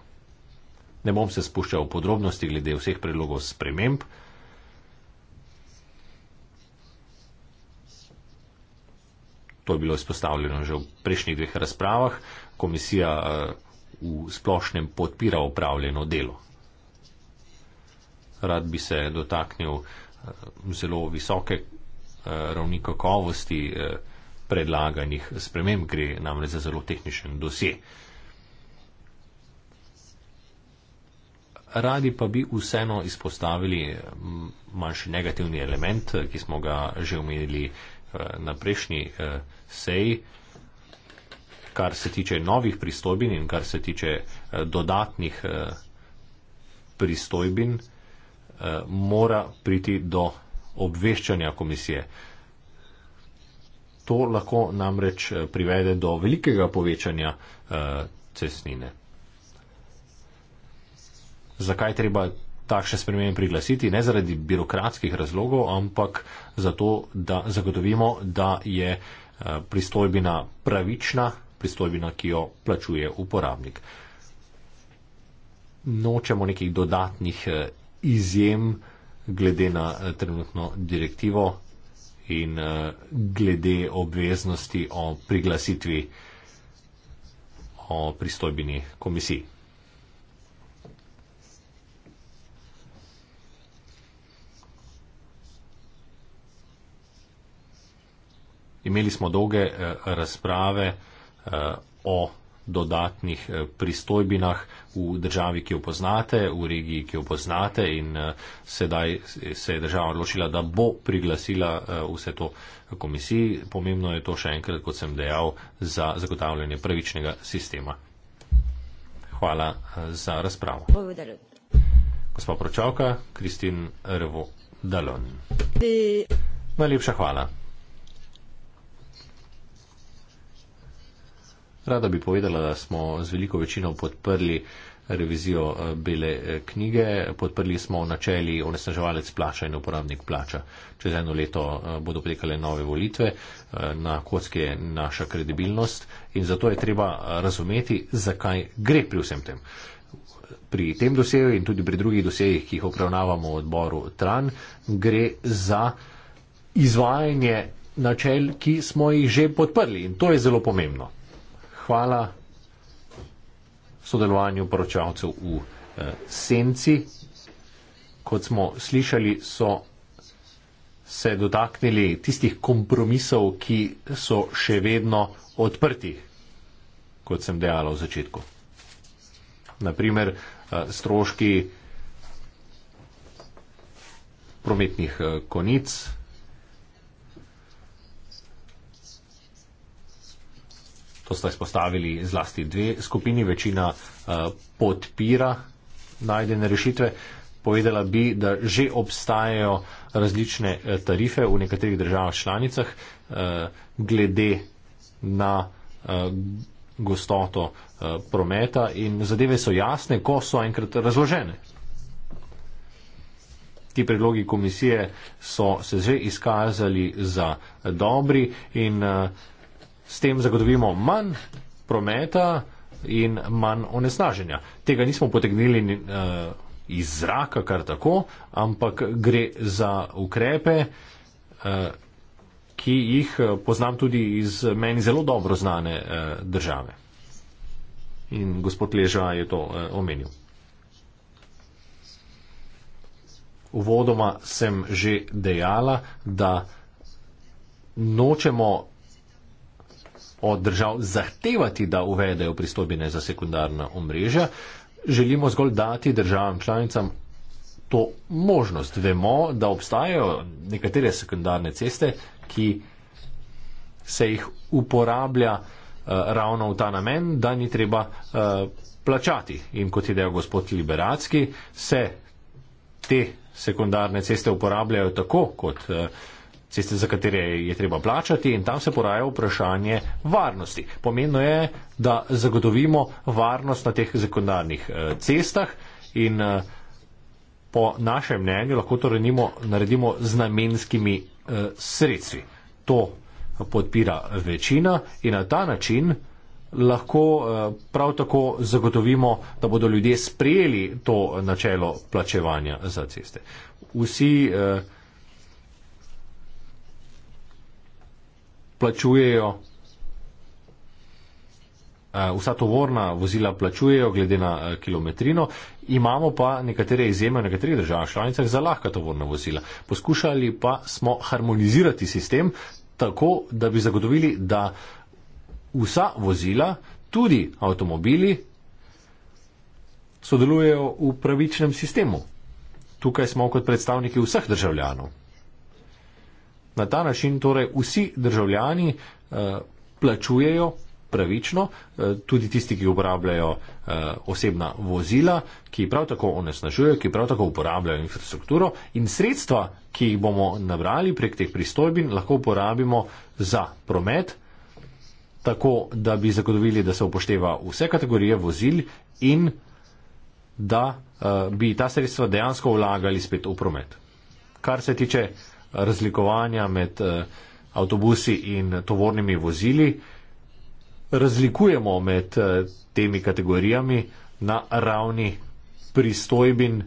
Ne bom se spuščal v podrobnosti glede vseh predlogov sprememb. To je bilo izpostavljeno že v prejšnjih dveh razpravah. Komisija eh, v splošnem podpira upravljeno delo rad bi se dotaknil eh, zelo visoke eh, ravni kakovosti eh, predlaganih sprememb, gre namreč za zelo tehničen dosje. Radi pa bi vseeno izpostavili manjši negativni element, ki smo ga že omenili na prejšnji seji, kar se tiče novih pristojbin in kar se tiče dodatnih pristojbin mora priti do obveščanja komisije. To lahko namreč eh, privede do velikega povečanja eh, cestnine. Zakaj treba takšne spremembe priglasiti? Ne zaradi birokratskih razlogov, ampak zato, da zagotovimo, da je eh, pristojbina pravična, pristojbina, ki jo plačuje uporabnik. Nočemo nekih dodatnih izjem glede na eh, trenutno direktivo in eh, glede obveznosti o priglasitvi o pristojbini komisiji. Imeli smo dolge eh, razprave o dodatnih eh, pristojbinah v državi, ki jo poznate, v regiji, ki jo poznate in eh, sedaj se je država odločila, da bo priglasila eh, vse to komisiji. Pomembno je to še enkrat, kot sem dejal, za zagotavljanje pravičnega sistema. Hvala za razpravo. Gospa Pročavka, Kristin Revo Dalon. Najlepša hvala. Rada bi povedala, da smo z veliko večino podprli revizijo eh, bele eh, knjige, podprli smo načeli onesnaževalec plača in uporabnik plača. Čez eno leto eh, bodo potekale nove volitve, na kocki je naša kredibilnost in zato je treba razumeti, zakaj gre pri vsem tem. Pri tem doseju in tudi pri drugih dosejih, ki jih obravnavamo v odboru TRAN, gre za izvajanje načel, ki smo jih že podprli in to je zelo pomembno hvala sodelovanju poročavcev v eh, Senci. Kot smo slišali, so se dotaknili tistih kompromisov, ki so še vedno odprti, kot sem dejala v začetku. Naprimer, eh, stroški prometnih eh, konic. To sta izpostavili zlasti dve skupini. Večina eh, podpira najdene rešitve. Povedala bi, da že obstajajo različne eh, tarife v nekaterih državah članicah eh, glede na gostoto prometa in zadeve so jasne, ko so enkrat razložene. Ti predlogi komisije so se že izkazali za dobri in uh, s tem zagotovimo manj prometa in manj onesnaženja. Tega nismo potegnili uh, iz zraka kar tako, ampak gre za ukrepe, uh, ki jih eh, poznam tudi iz meni zelo dobro znane uh, države. In gospod Leža je to uh, omenil. Uvodoma sem že dejala, da nočemo od držav zahtevati, da uvedejo pristojbine za sekundarna omrežja. Želimo zgolj dati državam članicam to možnost. Vemo, da obstajajo nekatere sekundarne ceste, ki se jih uporablja eh, ravno v ta namen, da ni treba eh, plačati. In kot je dejal gospod Liberacki, se te sekundarne ceste uporabljajo tako kot eh, ceste, za katere je treba plačati in tam se poraja vprašanje varnosti. Pomembno je, da zagotovimo varnost na teh zakonarnih eh, cestah in eh, po našem mnenju lahko to renimo, naredimo z namenskimi eh, sredstvi. To podpira večina in na ta način lahko prav tako zagotovimo, da bodo ljudje sprejeli to načelo plačevanja za ceste. Vsi eh, plačujejo, eh, vsa tovorna vozila plačujejo glede na eh, kilometrino, imamo pa nekatere izjeme v nekaterih državah članicah za lahka tovorna vozila. Poskušali pa smo harmonizirati sistem tako, da bi zagotovili, da vsa vozila, tudi avtomobili, sodelujejo v pravičnem sistemu. Tukaj smo kot predstavniki vseh državljanov. Na ta način torej vsi državljani eh, plačujejo pravično, eh, tudi tisti, ki uporabljajo eh, osebna vozila, ki prav tako onesnažujejo, ki prav tako uporabljajo infrastrukturo in sredstva, ki jih bomo nabrali prek teh pristojbin, lahko uporabimo za promet, tako da bi zagotovili, da se upošteva vse kategorije vozil in da bi ta sredstva dejansko vlagali spet v promet. Kar se tiče razlikovanja med eh, avtobusi in tovornimi vozili, razlikujemo med eh, temi kategorijami na ravni pristojbin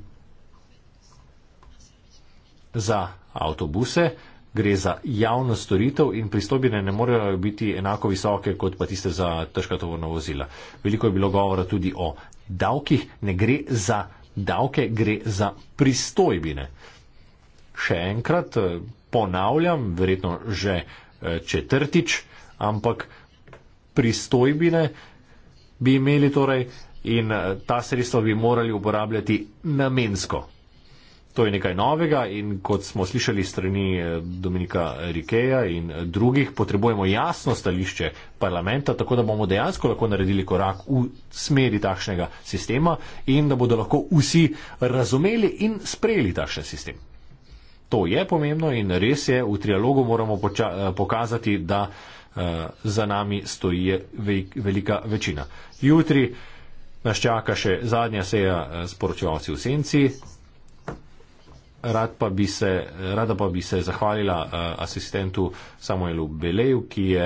za avtobuse. Gre za javno storitev in pristojbine ne morejo biti enako visoke kot pa tiste za težka tovorna vozila. Veliko je bilo govora tudi o davkih. Ne gre za davke, gre za pristojbine še enkrat, eh, ponavljam, verjetno že eh, četrtič, ampak pristojbine bi imeli torej in eh, ta sredstva bi morali uporabljati namensko. To je nekaj novega in kot smo slišali strani Dominika Rikeja in drugih, potrebujemo jasno stališče parlamenta, tako da bomo dejansko lahko naredili korak v smeri takšnega sistema in da bodo lahko vsi razumeli in sprejeli takšen sistem to je pomembno in res je, v trialogu moramo eh, pokazati, da eh, za nami stoji velika večina. Jutri nas čaka še zadnja seja eh, s poročevalci v senci. Rad pa bi se, rada pa bi se zahvalila asistentu Samuelu Beleju, ki je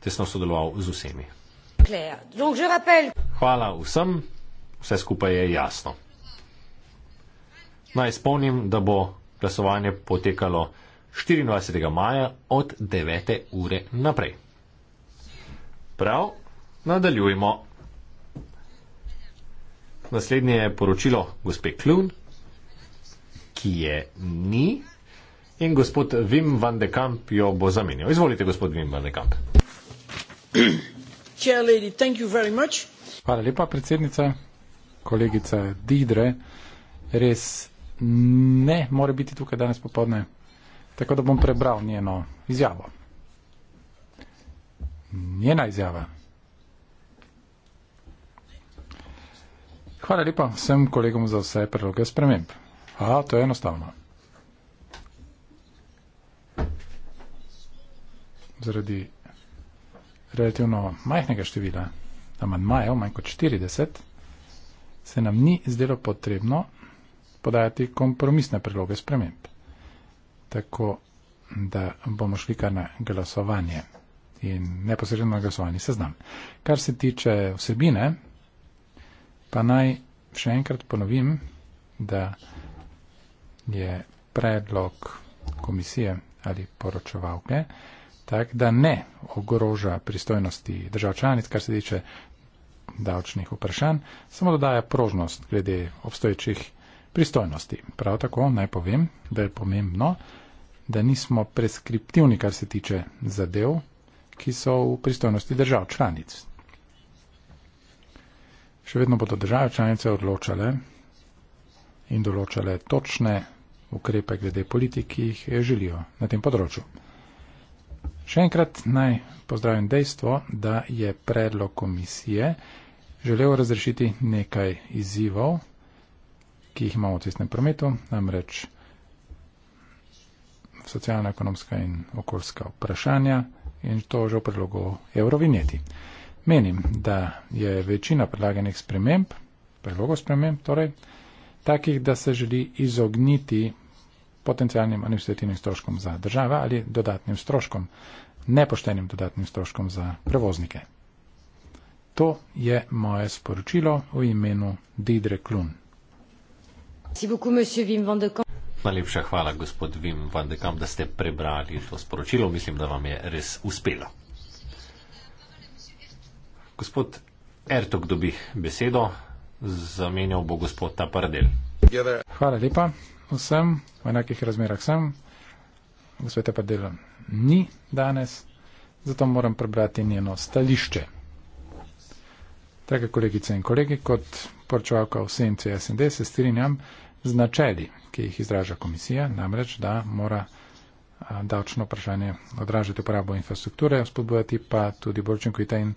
tesno sodeloval z vsemi. Hvala vsem, vse skupaj je jasno. Naj spomnim, da bo glasovanje potekalo 24. maja od 9. ure naprej. Prav, nadaljujmo. Naslednje je poročilo gospe Klun, ki je ni in gospod Vim van de Kamp jo bo zamenjal. Izvolite, gospod Vim van de Kamp. Hvala lepa, predsednica, kolegica Didre. Res ne more biti tukaj danes popodne. Tako da bom prebral njeno izjavo. Njena izjava. Hvala lepa vsem kolegom za vse predloge sprememb. A, to je enostavno. Zaradi relativno majhnega števila, da manj majev, manj kot 40, se nam ni zdelo potrebno podajati kompromisne predloge sprememb. Tako da bomo šli kar na glasovanje in neposredno na glasovanje seznam. Kar se tiče vsebine, pa naj še enkrat ponovim, da je predlog komisije ali poročevalke tak, da ne ogroža pristojnosti držav članic, kar se tiče davčnih vprašanj, samo dodaja prožnost glede obstoječih pristojnosti. Prav tako naj povem, da je pomembno, da nismo preskriptivni, kar se tiče zadev, ki so v pristojnosti držav članic. Še vedno bodo države članice odločale in določale točne ukrepe glede politik, ki jih želijo na tem področju. Še enkrat naj pozdravim dejstvo, da je predlog komisije želel razrešiti nekaj izzivov, ki jih imamo v cestnem prometu, namreč socialno-ekonomska in okoljska vprašanja in to že v predlogu eurovinjeti. Menim, da je večina predlaganih sprememb, predlogov sprememb, torej, takih, da se želi izogniti potencijalnim administrativnim stroškom za država ali dodatnim stroškom, nepoštenim dodatnim stroškom za prevoznike. To je moje sporočilo v imenu Didre Klun. Najlepša hvala, gospod Vim van de Kamp, da ste prebrali to sporočilo. Mislim, da vam je res uspelo. Gospod Ertok dobi besedo, zamenjal bo gospod Tapardel. Hvala lepa vsem, v enakih razmerah sem. Gospod Tapardel ni danes, zato moram prebrati njeno stališče. Drage kolegice in kolegi, kot porčavka v senci SND se strinjam z načeli, ki jih izraža komisija, namreč, da mora davčno vprašanje odražati uporabo infrastrukture, spodbujati pa tudi bolj učinkovite in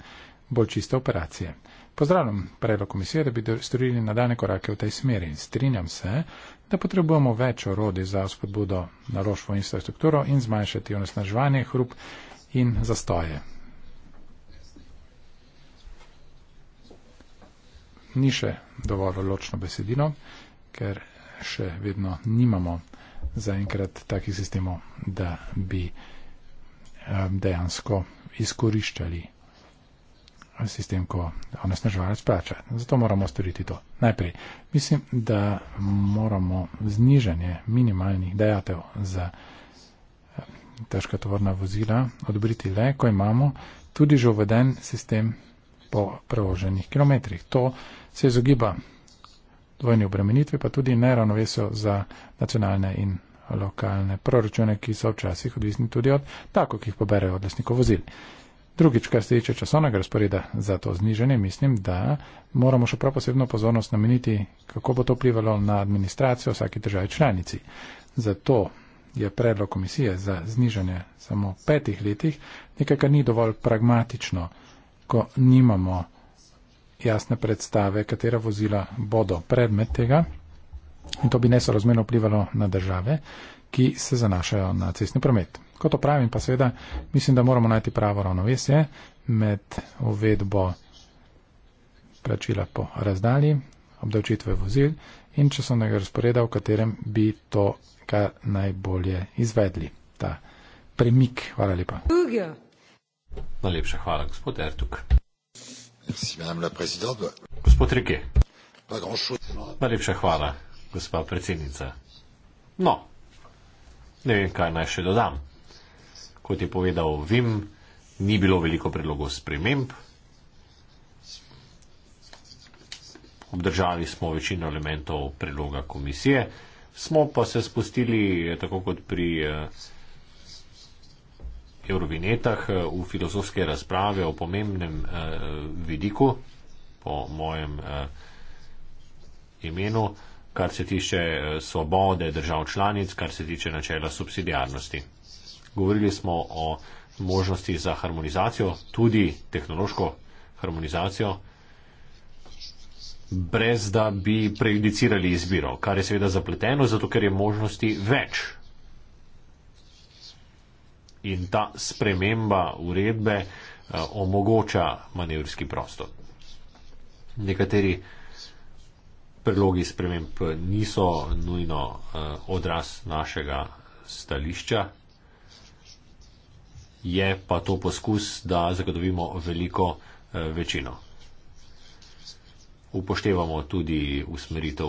bolj čiste operacije. Pozdravljam predlog komisije, da bi storili nadaljne korake v tej smeri. Strinjam se, da potrebujemo več orodij za spodbudo na rošvo infrastrukturo in zmanjšati onesnaževanje, hrup in zastoje. ni še dovolj ločno besedilo, ker še vedno nimamo zaenkrat takih sistemov, da bi eh, dejansko izkoriščali sistem, ko onesnaževalec plača. Zato moramo storiti to. Najprej, mislim, da moramo znižanje minimalnih dejatev za eh, težka tovorna vozila odobriti le, ko imamo tudi že uveden sistem po preloženih kilometrih. To se izogiba dvojni obremenitvi, pa tudi neravnovesju za nacionalne in lokalne proračune, ki so včasih odvisni tudi od tako, ki jih poberajo od lasnikov vozil. Drugič, kar se tiče časovnega razporeda za to znižanje, mislim, da moramo še prav posebno pozornost nameniti, kako bo to vplivalo na administracijo vsake države članici. Zato je predlog komisije za znižanje samo petih letih nekaj, kar ni dovolj pragmatično ko nimamo jasne predstave, katera vozila bodo predmet tega. In to bi nesorazmerno vplivalo na države, ki se zanašajo na cestni promet. Ko to pravim, pa seveda mislim, da moramo najti pravo ravnovesje med uvedbo plačila po razdalji, obdavčitve vozil in časovnega razporeda, v katerem bi to kar najbolje izvedli. Ta premik. Hvala lepa. Najlepša hvala, gospod Ertuk. Gospod Rike. Najlepša hvala, gospa predsednica. No, ne vem, kaj naj še dodam. Kot je povedal Vim, ni bilo veliko predlogov sprememb. Obdržali smo večino elementov predloga komisije, smo pa se spustili eh, tako kot pri. Eh, Eurovinetah, eh, v filozofske razprave o pomembnem eh, vidiku, po mojem eh, imenu, kar se tiče eh, svobode držav članic, kar se tiče načela subsidijarnosti. Govorili smo o možnosti za harmonizacijo, tudi tehnološko harmonizacijo, brez da bi prejudicirali izbiro, kar je seveda zapleteno, zato ker je možnosti več in ta sprememba uredbe eh, omogoča manevrski prostor. Nekateri predlogi sprememb niso nujno eh, odraz našega stališča, je pa to poskus, da zagotovimo veliko eh, večino. Upoštevamo tudi usmeritev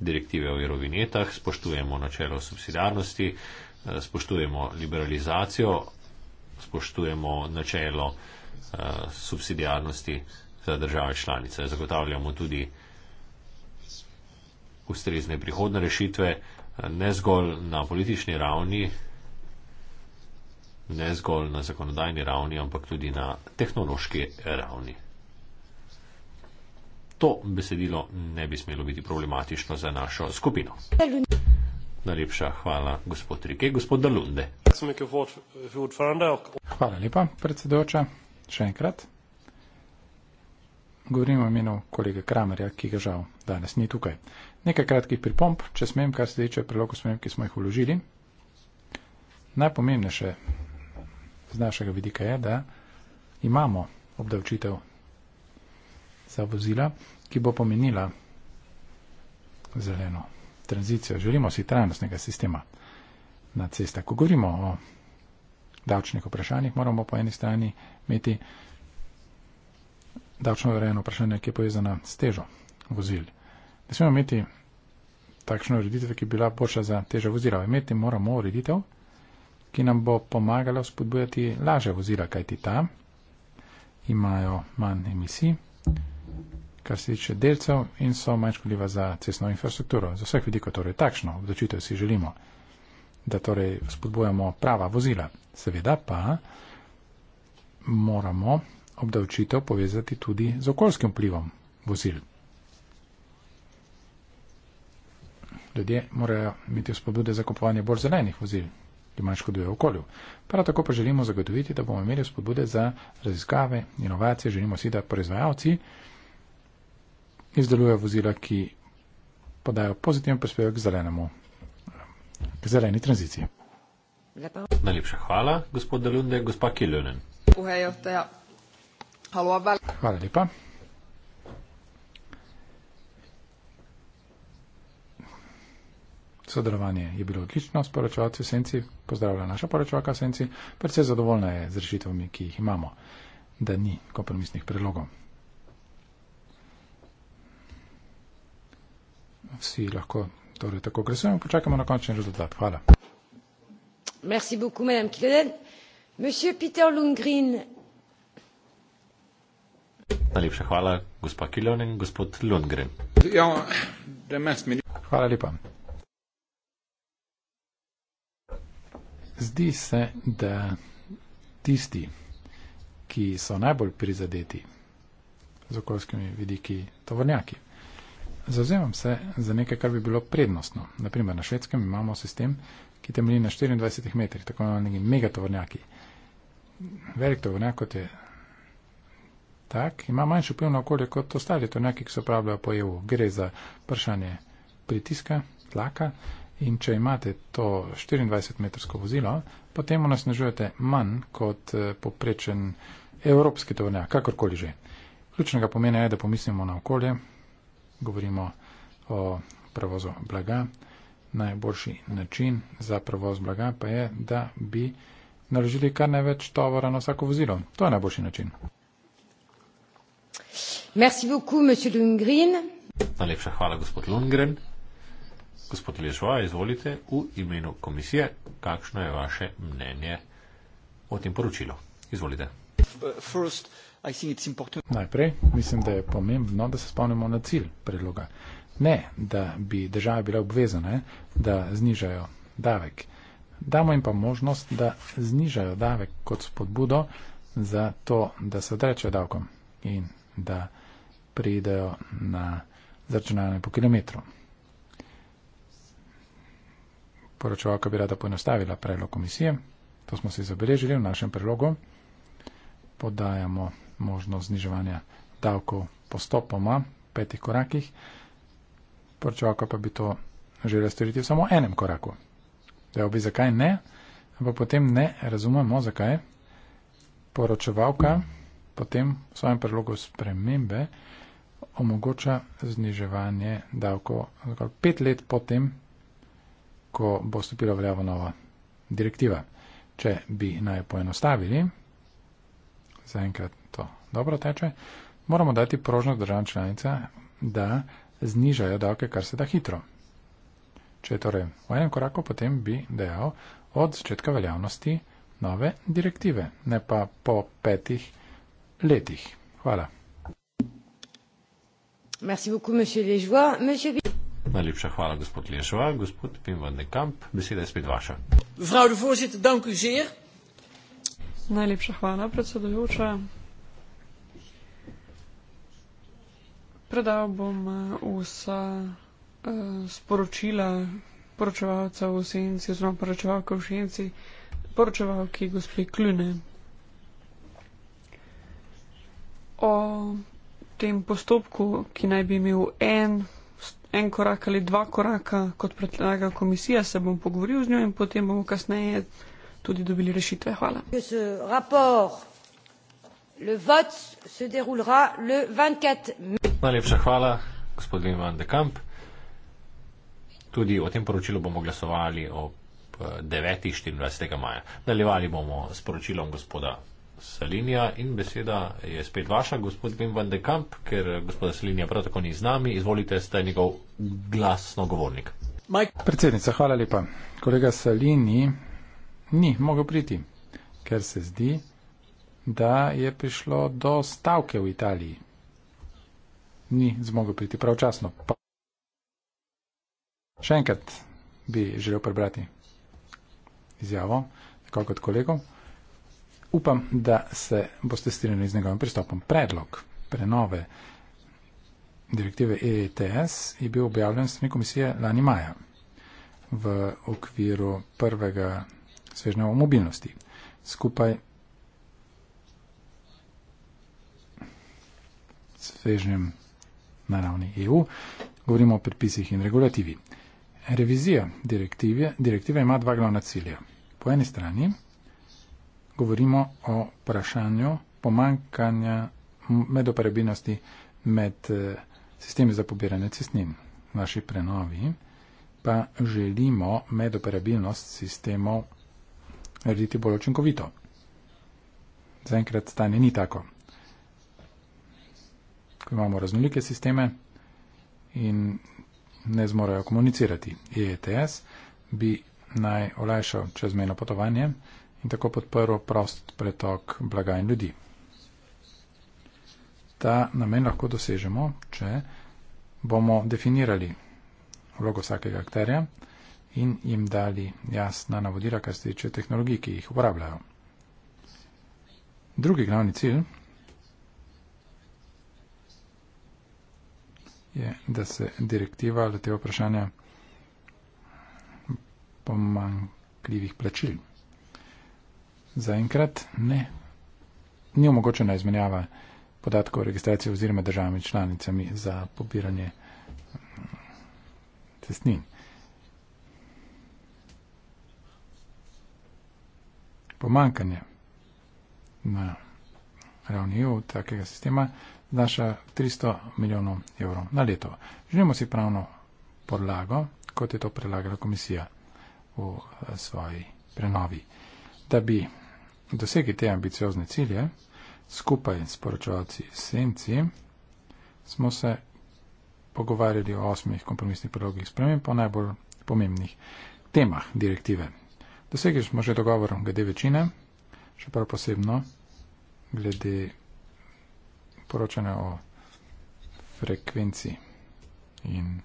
direktive o jerovinetah, spoštujemo načelo subsidarnosti, Eh, spoštujemo liberalizacijo, spoštujemo načelo uh, eh, subsidijarnosti za države članice. Zagotavljamo tudi ustrezne prihodne rešitve, eh, ne zgolj na politični ravni, ne zgolj na zakonodajni ravni, ampak tudi na tehnološki ravni. To besedilo ne bi smelo biti problematično za našo skupino. Hello. Najlepša hvala, gospod Rike. Gospod Dalunde. Hvala lepa, predsedujoča, še enkrat. Govorim o imenu kolega Kramerja, ki ga žal danes ni tukaj. Nekaj kratkih pripomp, če smem, kar se tiče prilogo smem, ki smo jih uložili. Najpomembnejše z našega vidika je, da imamo obdavčitev za vozila, ki bo pomenila zeleno tranzicijo. Želimo si trajnostnega sistema na cestah. Ko govorimo o davčnih vprašanjih, moramo po eni strani imeti davčno urejeno vprašanje, ki je povezano s težo vozil. Ne smemo imeti takšno ureditev, ki bi bila boljša za težo vozila. Imeti moramo ureditev, ki nam bo pomagala spodbujati lažje vozila, kajti ta imajo manj emisij, kar se tiče delcev in so manj škodljiva za cestno infrastrukturo. Za vseh vidikov torej takšno obdočitev si želimo, da torej spodbujamo prava vozila. Seveda pa moramo obdavčitev povezati tudi z okoljskim vplivom vozil. Ljudje morajo imeti spodbude za kupovanje bolj zelenih vozil, ki manj škodujejo okolju. Prav tako pa želimo zagotoviti, da bomo imeli spodbude za raziskave, inovacije. Želimo si, da proizvajalci izdeluje vozila, ki podajo pozitiven prispevek k zelenemu, k zeleni tranziciji. Lepo. Najlepša hvala, gospod Delunde, gospa Kiljonen. Hvala lepa. Sodelovanje je bilo odlično s poročevalci Senci, pozdravlja naša poročevalka Senci, predvsem zadovoljna je z rešitvami, ki jih imamo, da ni kompromisnih predlogov. vsi lahko torej tako glasujemo, počakamo na končni rezultat. Hvala. Merci beaucoup, madame Kleden. Monsieur Peter Lundgren. Najlepša hvala, gospa Kilon in gospod Lundgren. Ja, hvala lepa. Zdi se, da tisti, ki so najbolj prizadeti z okoljskimi vidiki, tovrnjaki. Zavzemam se za nekaj, kar bi bilo prednostno. Naprimer, na švedskem imamo sistem, ki temelji na 24 metrih, tako imenovani megatovornjaki. Velik tovornjak kot je tak, ima manjšo plivno okolje kot ostali tovornjaki, ki se upravljajo po EU. Gre za vprašanje pritiska, tlaka in če imate to 24-metrsko vozilo, potem onesnažujete manj kot eh, poprečen evropski tovornjak, kakorkoli že. Ključnega pomena je, da pomislimo na okolje, govorimo o prevozu blaga. Najboljši način za prevoz blaga pa je, da bi naložili kar največ tovora na vsako vozilo. To je najboljši način. Merci beaucoup, monsieur Lundgren. Najlepša hvala, gospod Lundgren. Gospod Ležva, izvolite v imenu komisije, kakšno je vaše mnenje o tem poročilu. Izvolite. Uh, first, uh, Najprej mislim, da je pomembno, da se spomnimo na cilj predloga. Ne, da bi države bile obvezane, da znižajo davek. Damo jim pa možnost, da znižajo davek kot spodbudo za to, da se odrečejo davkom in da pridejo na zračunavanje po kilometru. Poročevalka bi rada poenostavila predlog komisije. To smo si zabeležili v našem predlogu. Podajamo možnosť znižovania dávkov postopoma v petých korakých. Prečo ako pa by to želi storiti v samo enem koraku? Da bi zakaj ne? Ampak potem ne razumemo, zakaj poročevalka potem v svojem predlogu spremembe omogoča zniževanje davko zakaj, pet let potem, ko bo stopila veljavo nova direktiva. Če bi naj poenostavili, zaenkrat dobro teče, moramo dati prožnost državam članica, da znižajo davke kar se da hitro. Če je torej v enem koraku, potem bi dejal od začetka veljavnosti nove direktive, ne pa po petih letih. Hvala. Merci beaucoup, monsieur Ležvo. Monsieur... Najlepša hvala, gospod Ležvo. Gospod Pim van de Kamp, beseda je spet vaša. Mevrouw de voorzitter, dank u zeer. Najlepša hvala, predsedujoča. Predal bom eh, vsa uh, sporočila poročevalca v senci, oziroma poročevalka v senci, poročevalki gospe Kljune. O tem postopku, ki naj bi imel en, en korak ali dva koraka, kot predlaga komisija, se bom pogovoril z njo in potem bomo kasneje tudi dobili rešitve. Hvala. Hvala le vote se déroulera le 24 mai. Tudi o tem poročilu bomo glasovali ob 9.24. Eh, maja. Nadaljevali bomo s poročilom gospoda Salinija in beseda je spet vaša, gospod Wim van de Kamp, ker gospoda Salinija prav tako ni z nami. Izvolite, ste njegov glasno govornik. Mike. Predsednica, hvala lepa. Kolega Salini ni mogel priti, ker se zdi, da je prišlo do stavke v Italiji. Ni zmogel priti pravčasno. Pa še enkrat bi želel prebrati izjavo nekako od kolegov. Upam, da se boste strinjali z njegovim pristopom. Predlog prenove direktive EETS je bil objavljen s komisije lani maja v okviru prvega svežnja o mobilnosti. Skupaj svežnjem na ravni EU. Govorimo o predpisih in regulativi. Revizija direktive, direktive ima dva glavna cilja. Po eni strani govorimo o vprašanju pomankanja medoparabilnosti med eh, sistemi za pobiranje cestnin. V naši prenovi pa želimo medoparabilnost sistemov narediti bolj očinkovito. Zaenkrat stanje ni tako imamo raznolike sisteme in ne zmorejo komunicirati. EETS bi naj olajšal čezmejno potovanje in tako podprl prost pretok blaga in ljudi. Ta namen lahko dosežemo, če bomo definirali vlogo vsakega akterja in jim dali jasna navodila, kar se tiče tehnologij, ki jih uporabljajo. Drugi glavni cilj je, da se direktiva ali te vprašanja pomankljivih plačil. Zaenkrat ne. Ni omogočena izmenjava podatkov o registraciji oziroma državami članicami za pobiranje mm, cestnin. Pomankanje na ravni EU takega sistema znaša 300 milijonov evrov na leto. Želimo si pravno podlago, kot je to predlagala komisija v eh, svoji prenovi. Da bi dosegli te ambiciozne cilje, skupaj s poročevalci Senci, smo se pogovarjali o osmih kompromisnih predlogih sprememb po najbolj pomembnih temah direktive. Dosegli smo že dogovor glede večine, še prav posebno glede poročanja o frekvenci in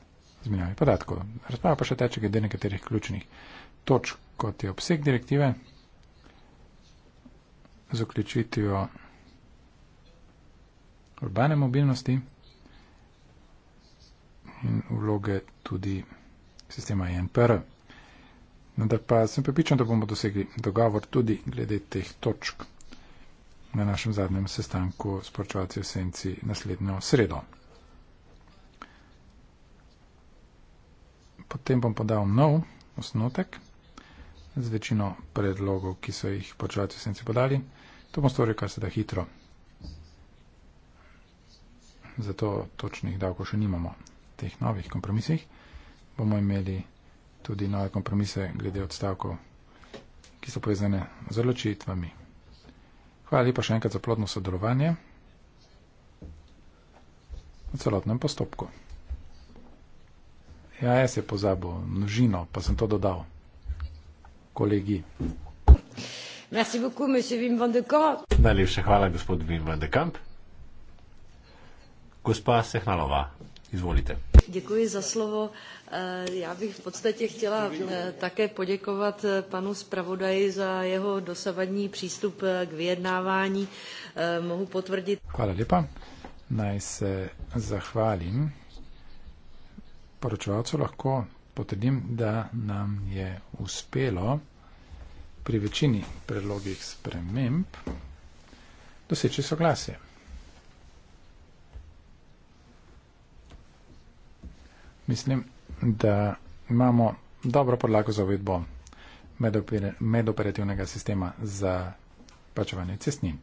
izmenjavi podatkov. Razprava pa še teče glede nekaterih ključnih točk, kot je obseg direktive z vključitvijo urbane mobilnosti in vloge tudi sistema INPR. E Vendar pa sem pripričan, da bomo dosegli dogovor tudi glede teh točk na našem zadnjem sestanku s poročevalci v Senci naslednjo sredo. Potem bom podal nov osnotek z večino predlogov, ki so jih poročevalci v Senci podali. To bom storil kar se da hitro. Zato točnih davkov še nimamo teh novih kompromisih. Bomo imeli tudi nove kompromise glede odstavkov, ki so povezane z odločitvami. Hvala lepa še enkrat za plodno sodelovanje v celotnem postopku. Ja, jaz je pozabil množino, pa sem to dodal kolegi. Merci beaucoup, monsieur Wim van de Kamp. Najlepša hvala, gospod Wim van de Kamp. Gospa Sehnalova, izvolite. Děkuji za slovo. Eh, já bych v podstatě chtěla eh, také poděkovat eh, panu zpravodaji za jeho dosavadní přístup k vyjednávání. Mohu potvrdit. Hvala lepa. Naj se zahvalim poročovalcu, lahko potrdim, da nam je uspelo pri večini predlogih sprememb doseči soglasje. Mislim, da imamo dobro podlago za uvedbo medoperativnega sistema za plačevanje cestnin.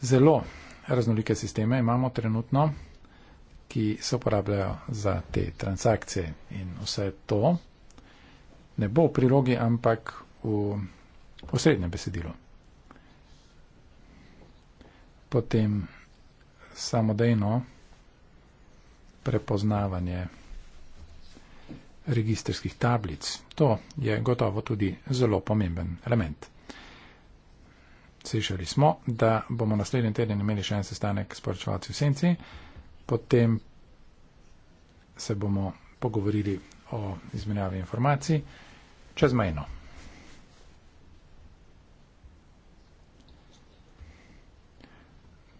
Zelo raznolike sisteme imamo trenutno, ki se uporabljajo za te transakcije in vse to ne bo v prilogi, ampak v osrednjem besedilu. Potem samodejno prepoznavanje registerskih tablic. To je gotovo tudi zelo pomemben element. Slišali smo, da bomo naslednji teden imeli še en sestanek s poročevalci v Senci, potem se bomo pogovorili o izmenjavi informacij čezmejno.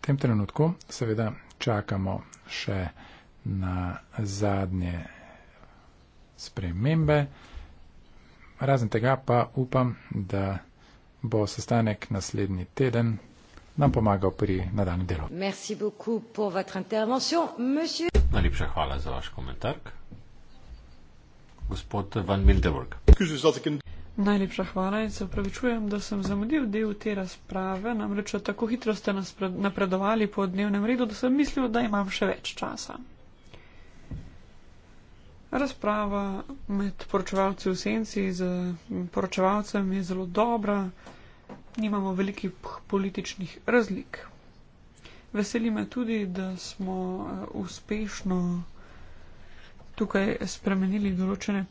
V tem trenutku seveda čakamo še na zadnje spremembe. Razen tega pa upam, da bo sestanek naslednji teden nam pomagal pri nadaljem delu. Najlepša hvala za vaš komentar. Gospod Van Mildeburg. Najlepša hvala in se upravičujem, da sem zamudil del te razprave, namreč tako hitro ste napredovali po dnevnem redu, da sem mislil, da imam še več časa. Razprava med poročevalci v senci z poročevalcem je zelo dobra, nimamo velikih političnih razlik. Veseli me tudi, da smo eh, uspešno tukaj spremenili določene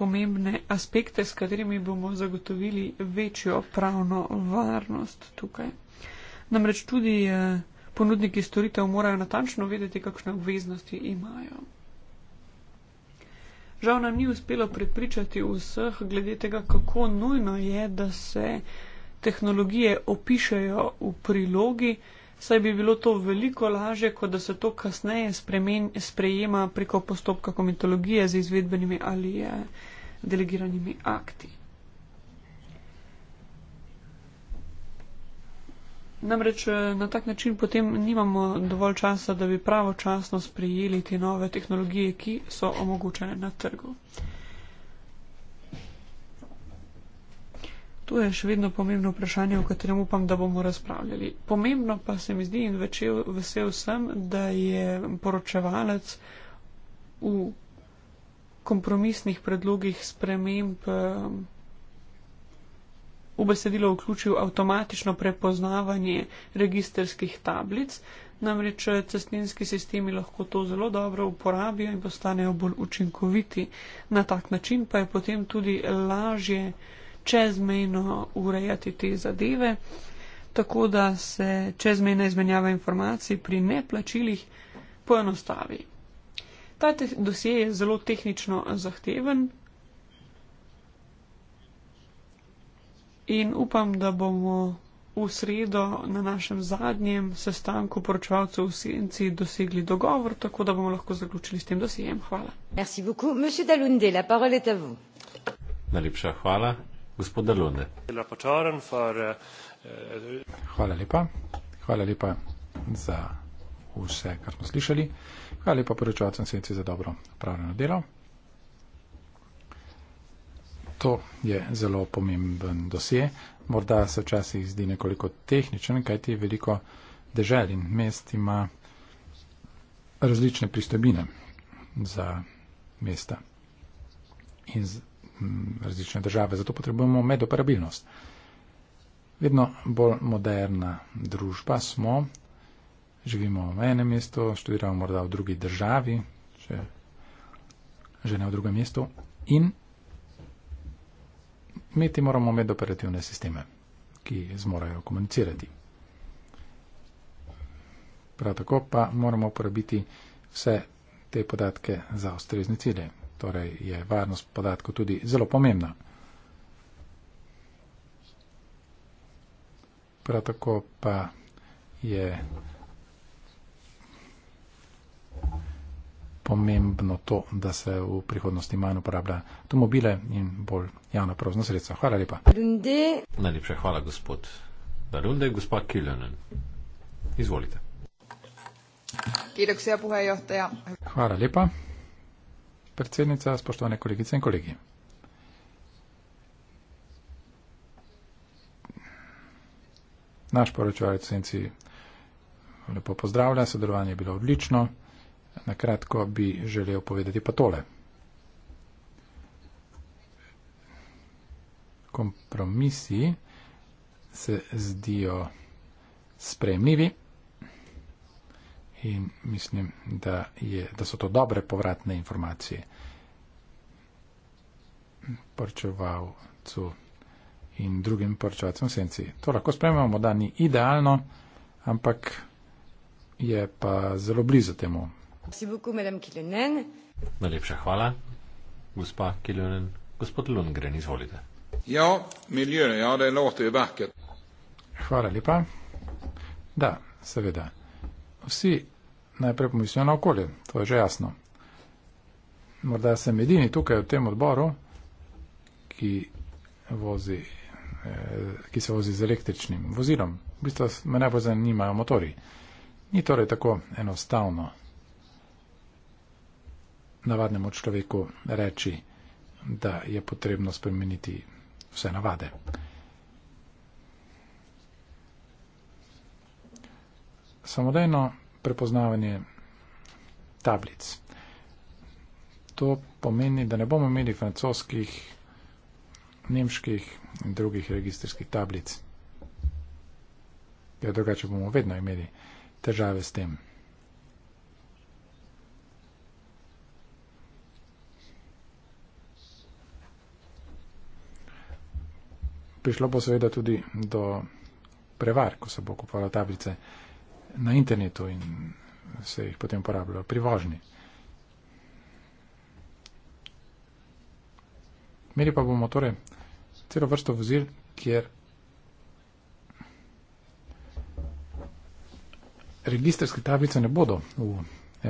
pomembne aspekte, s katerimi bomo zagotovili večjo pravno varnost tukaj. Namreč tudi eh, ponudniki storitev morajo natančno vedeti, kakšne obveznosti imajo. Žal nam ni uspelo prepričati vseh glede tega, kako nujno je, da se tehnologije opišajo v prilogi, saj bi bilo to veliko laže, kot da se to kasneje spremen, sprejema preko postopka komitologije z izvedbenimi ali eh, delegiranimi akti. Namreč eh, na tak način potem nimamo dovolj časa, da bi pravočasno sprejeli te nove tehnologije, ki so omogočene na trgu. To je še vedno pomembno vprašanje, o katerem upam, da bomo razpravljali. Pomembno pa se mi zdi in večel, vesel sem, da je poročevalec v kompromisnih predlogih sprememb. Eh, v besedilo vključil avtomatično prepoznavanje registerskih tablic, namreč eh, cestninski sistemi lahko to zelo dobro uporabijo in postanejo bolj učinkoviti. Na tak način pa je potem tudi lažje čezmejno urejati te zadeve, tako da se čezmejna izmenjava informacij pri neplačilih poenostavi. Ta dosje je zelo tehnično zahteven, in upam, da bomo v sredo na našem zadnjem sestanku poročevalcev v Senci dosegli dogovor, tako da bomo lahko zaključili s tem dosjejem. Hvala. Najlepša hvala. Gospod Dalunde. Hvala lepa. Hvala lepa za vse, kar smo slišali. Hvala lepa poročevalcem Senci za dobro upravljeno delo to je zelo pomemben dosje. Morda se včasih zdi nekoliko tehničen, kajti veliko dežel in mest ima različne pristojbine za mesta in različne države. Zato potrebujemo medoperabilnost. Vedno bolj moderna družba smo, živimo v enem mestu, študiramo morda v drugi državi, če že ne v drugem mestu. In imeti moramo med operativne sisteme, ki zmorajo komunicirati. Prav tako pa moramo uporabiti vse te podatke za ustrezne cilje. Torej je varnost podatkov tudi zelo pomembna. Prav tako pa je. pomembno to, da se v prihodnosti manj uporablja avtomobile in bolj javna prozna sredstva. Hvala lepa. Runde. Najlepša hvala, gospod Darunde. Gospa Kiljanen, izvolite. Kiroksija, puhajohtaja. Hvala lepa, predsednica, spoštovane kolegice in kolegi. Naš poročevalec v senci lepo pozdravlja, sodelovanje je bilo odlično. Na kratko bi želel povedati pa tole. Kompromisi se zdijo spremljivi in mislim, da, je, da so to dobre povratne informacije porčevalcu in drugim porčevalcem senci. To lahko spremljamo, da ni idealno, ampak je pa zelo blizu temu Najlepša hvala. Gospa Kiljonen. Gospod Lundgren, izvolite. Ja, miljö, ja, det låter ju vackert. Hvala lepa. Da, seveda. Vsi najprej pomislijo na okolje, to je že jasno. Morda sem edini tukaj v tem odboru, ki, vozi, eh, ki se vozi z električnim vozilom. V bistvu me najbolj zanimajo motori. Ni torej tako enostavno navadnemu človeku reči, da je potrebno spremeniti vse navade. Samodejno prepoznavanje tablic. To pomeni, da ne bomo imeli francoskih, nemških in drugih registrskih tablic. Ker ja, drugače bomo vedno imeli težave s tem. prišlo bo seveda tudi do prevar, ko se bo kupovala tablice na internetu in se jih potem uporabljajo pri vožnji. Meri pa bomo torej celo vrsto vozil, kjer registrske tablice ne bodo v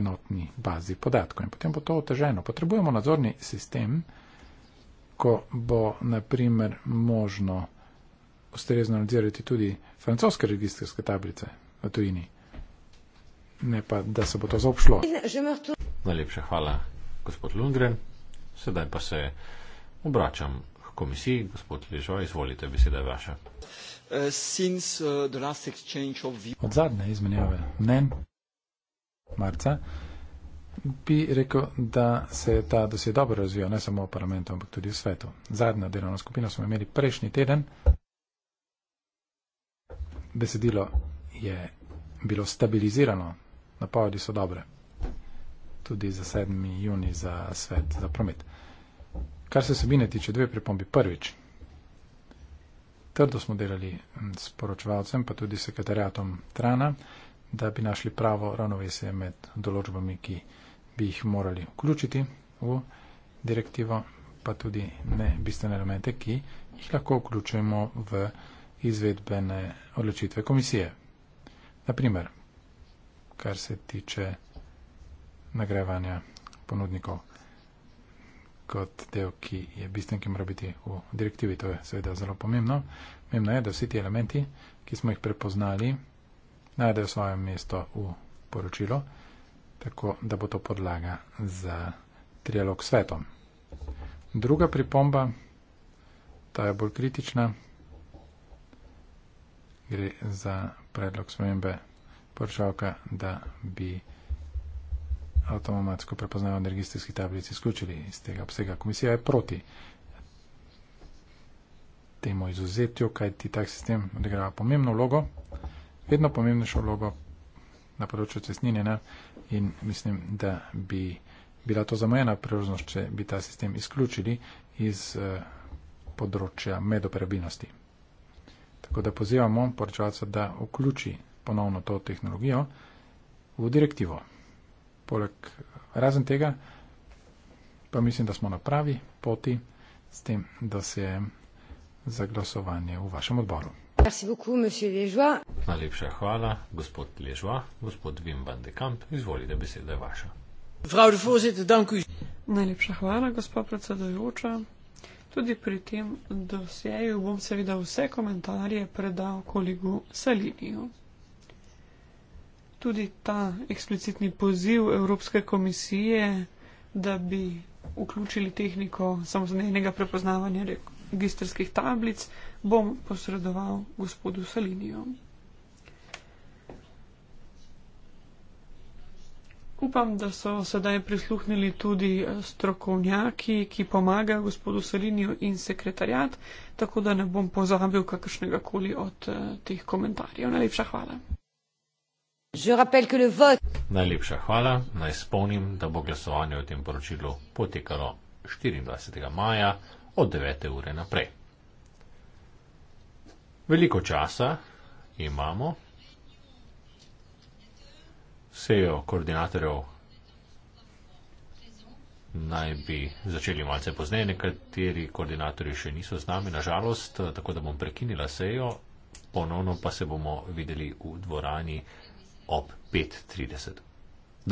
enotni bazi podatkov in potem bo to oteženo. Potrebujemo nadzorni sistem, ko bo naprimer možno ustrezno nadzirati tudi francoske registrske tablice v tujini. Ne pa, da se bo to zaopšlo. Najlepša hvala, gospod Lundgren. Sedaj pa se obračam k komisiji. Gospod Ležo, izvolite, beseda je vaša. Eh, eh, Od zadnje izmenjave mnen marca bi rekel, da se je ta dosje dobro razvijal, ne samo v parlamentu, ampak tudi v svetu. Zadnja delovna skupina smo imeli prejšnji teden. Besedilo je bilo stabilizirano, napovedi so dobre. Tudi za 7. juni za svet, za promet. Kar se sebine tiče, dve pripombi. Prvič, trdo smo delali s poročevalcem, pa tudi sekretariatom Trana, da bi našli pravo ravnovesje med določbami, ki bi jih morali vključiti v direktivo, pa tudi ne bistvene elemente, ki jih lahko vključujemo v izvedbene odločitve komisije. Naprimer, kar se tiče nagrajevanja ponudnikov kot del, ki je bistven, ki mora biti v direktivi. To je seveda zelo pomembno. Pomembno je, da vsi ti elementi, ki smo jih prepoznali, najdejo svoje mesto v poročilo tako da bo to podlaga za trialog s svetom. Druga pripomba, ta je bolj kritična, gre za predlog spremembe poročavka, da bi avtomatsko prepoznavanje na registrski tablici izključili iz tega obsega. Komisija je proti temu izuzetju, kaj ti tak sistem odigrava pomembno vlogo, vedno pomembnejšo vlogo na področju cestninjenja. Ne? in mislim, da bi bila to zamojena priložnost, če bi ta sistem izključili iz eh, področja medoperabilnosti. Tako da pozivamo poročevalca, da vključi ponovno to tehnologijo v direktivo. Poleg razen tega pa mislim, da smo na pravi poti s tem, da se je za glasovanje v vašem odboru. Najlepša hvala, gospod Ležva. Gospod Wim van de Kamp, izvolite, beseda je vaša. Najlepša hvala, gospod predsedojoča. Tudi pri tem dosjeju bom seveda vse komentarje predal kolegu Saliniju. Tudi ta eksplicitni poziv Evropske komisije, da bi vključili tehniko samozanejnega prepoznavanja registrskih tablic, bom posredoval gospodu Salinijo. Upam, da so sedaj prisluhnili tudi eh, strokovnjaki, ki pomagajo gospodu Salinijo in sekretarjat, tako da ne bom pozabil kakršnega koli od eh, teh komentarjev. Najlepša hvala. Najlepša hvala. Naj spomnim, da bo glasovanje o tem poročilu potekalo 24. maja od 9. ure naprej. Veliko časa imamo sejo koordinatorjev. Naj bi začeli malce pozneje, nekateri koordinatorji še niso z nami, nažalost, tako da bom prekinila sejo, ponovno pa se bomo videli v dvorani ob 5.30.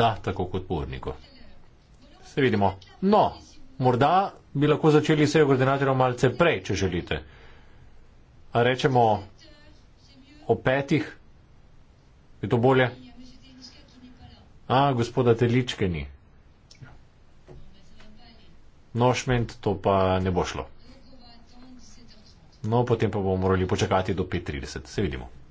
Da, tako kot po urniku. Se vidimo. No, morda bi lahko začeli sejo koordinatorjev malce prej, če želite rečemo o petih, je to bolje? A, gospoda Teličke ni. Nošment, to pa ne bo šlo. No, potem pa bomo morali počakati do 5.30. Se vidimo.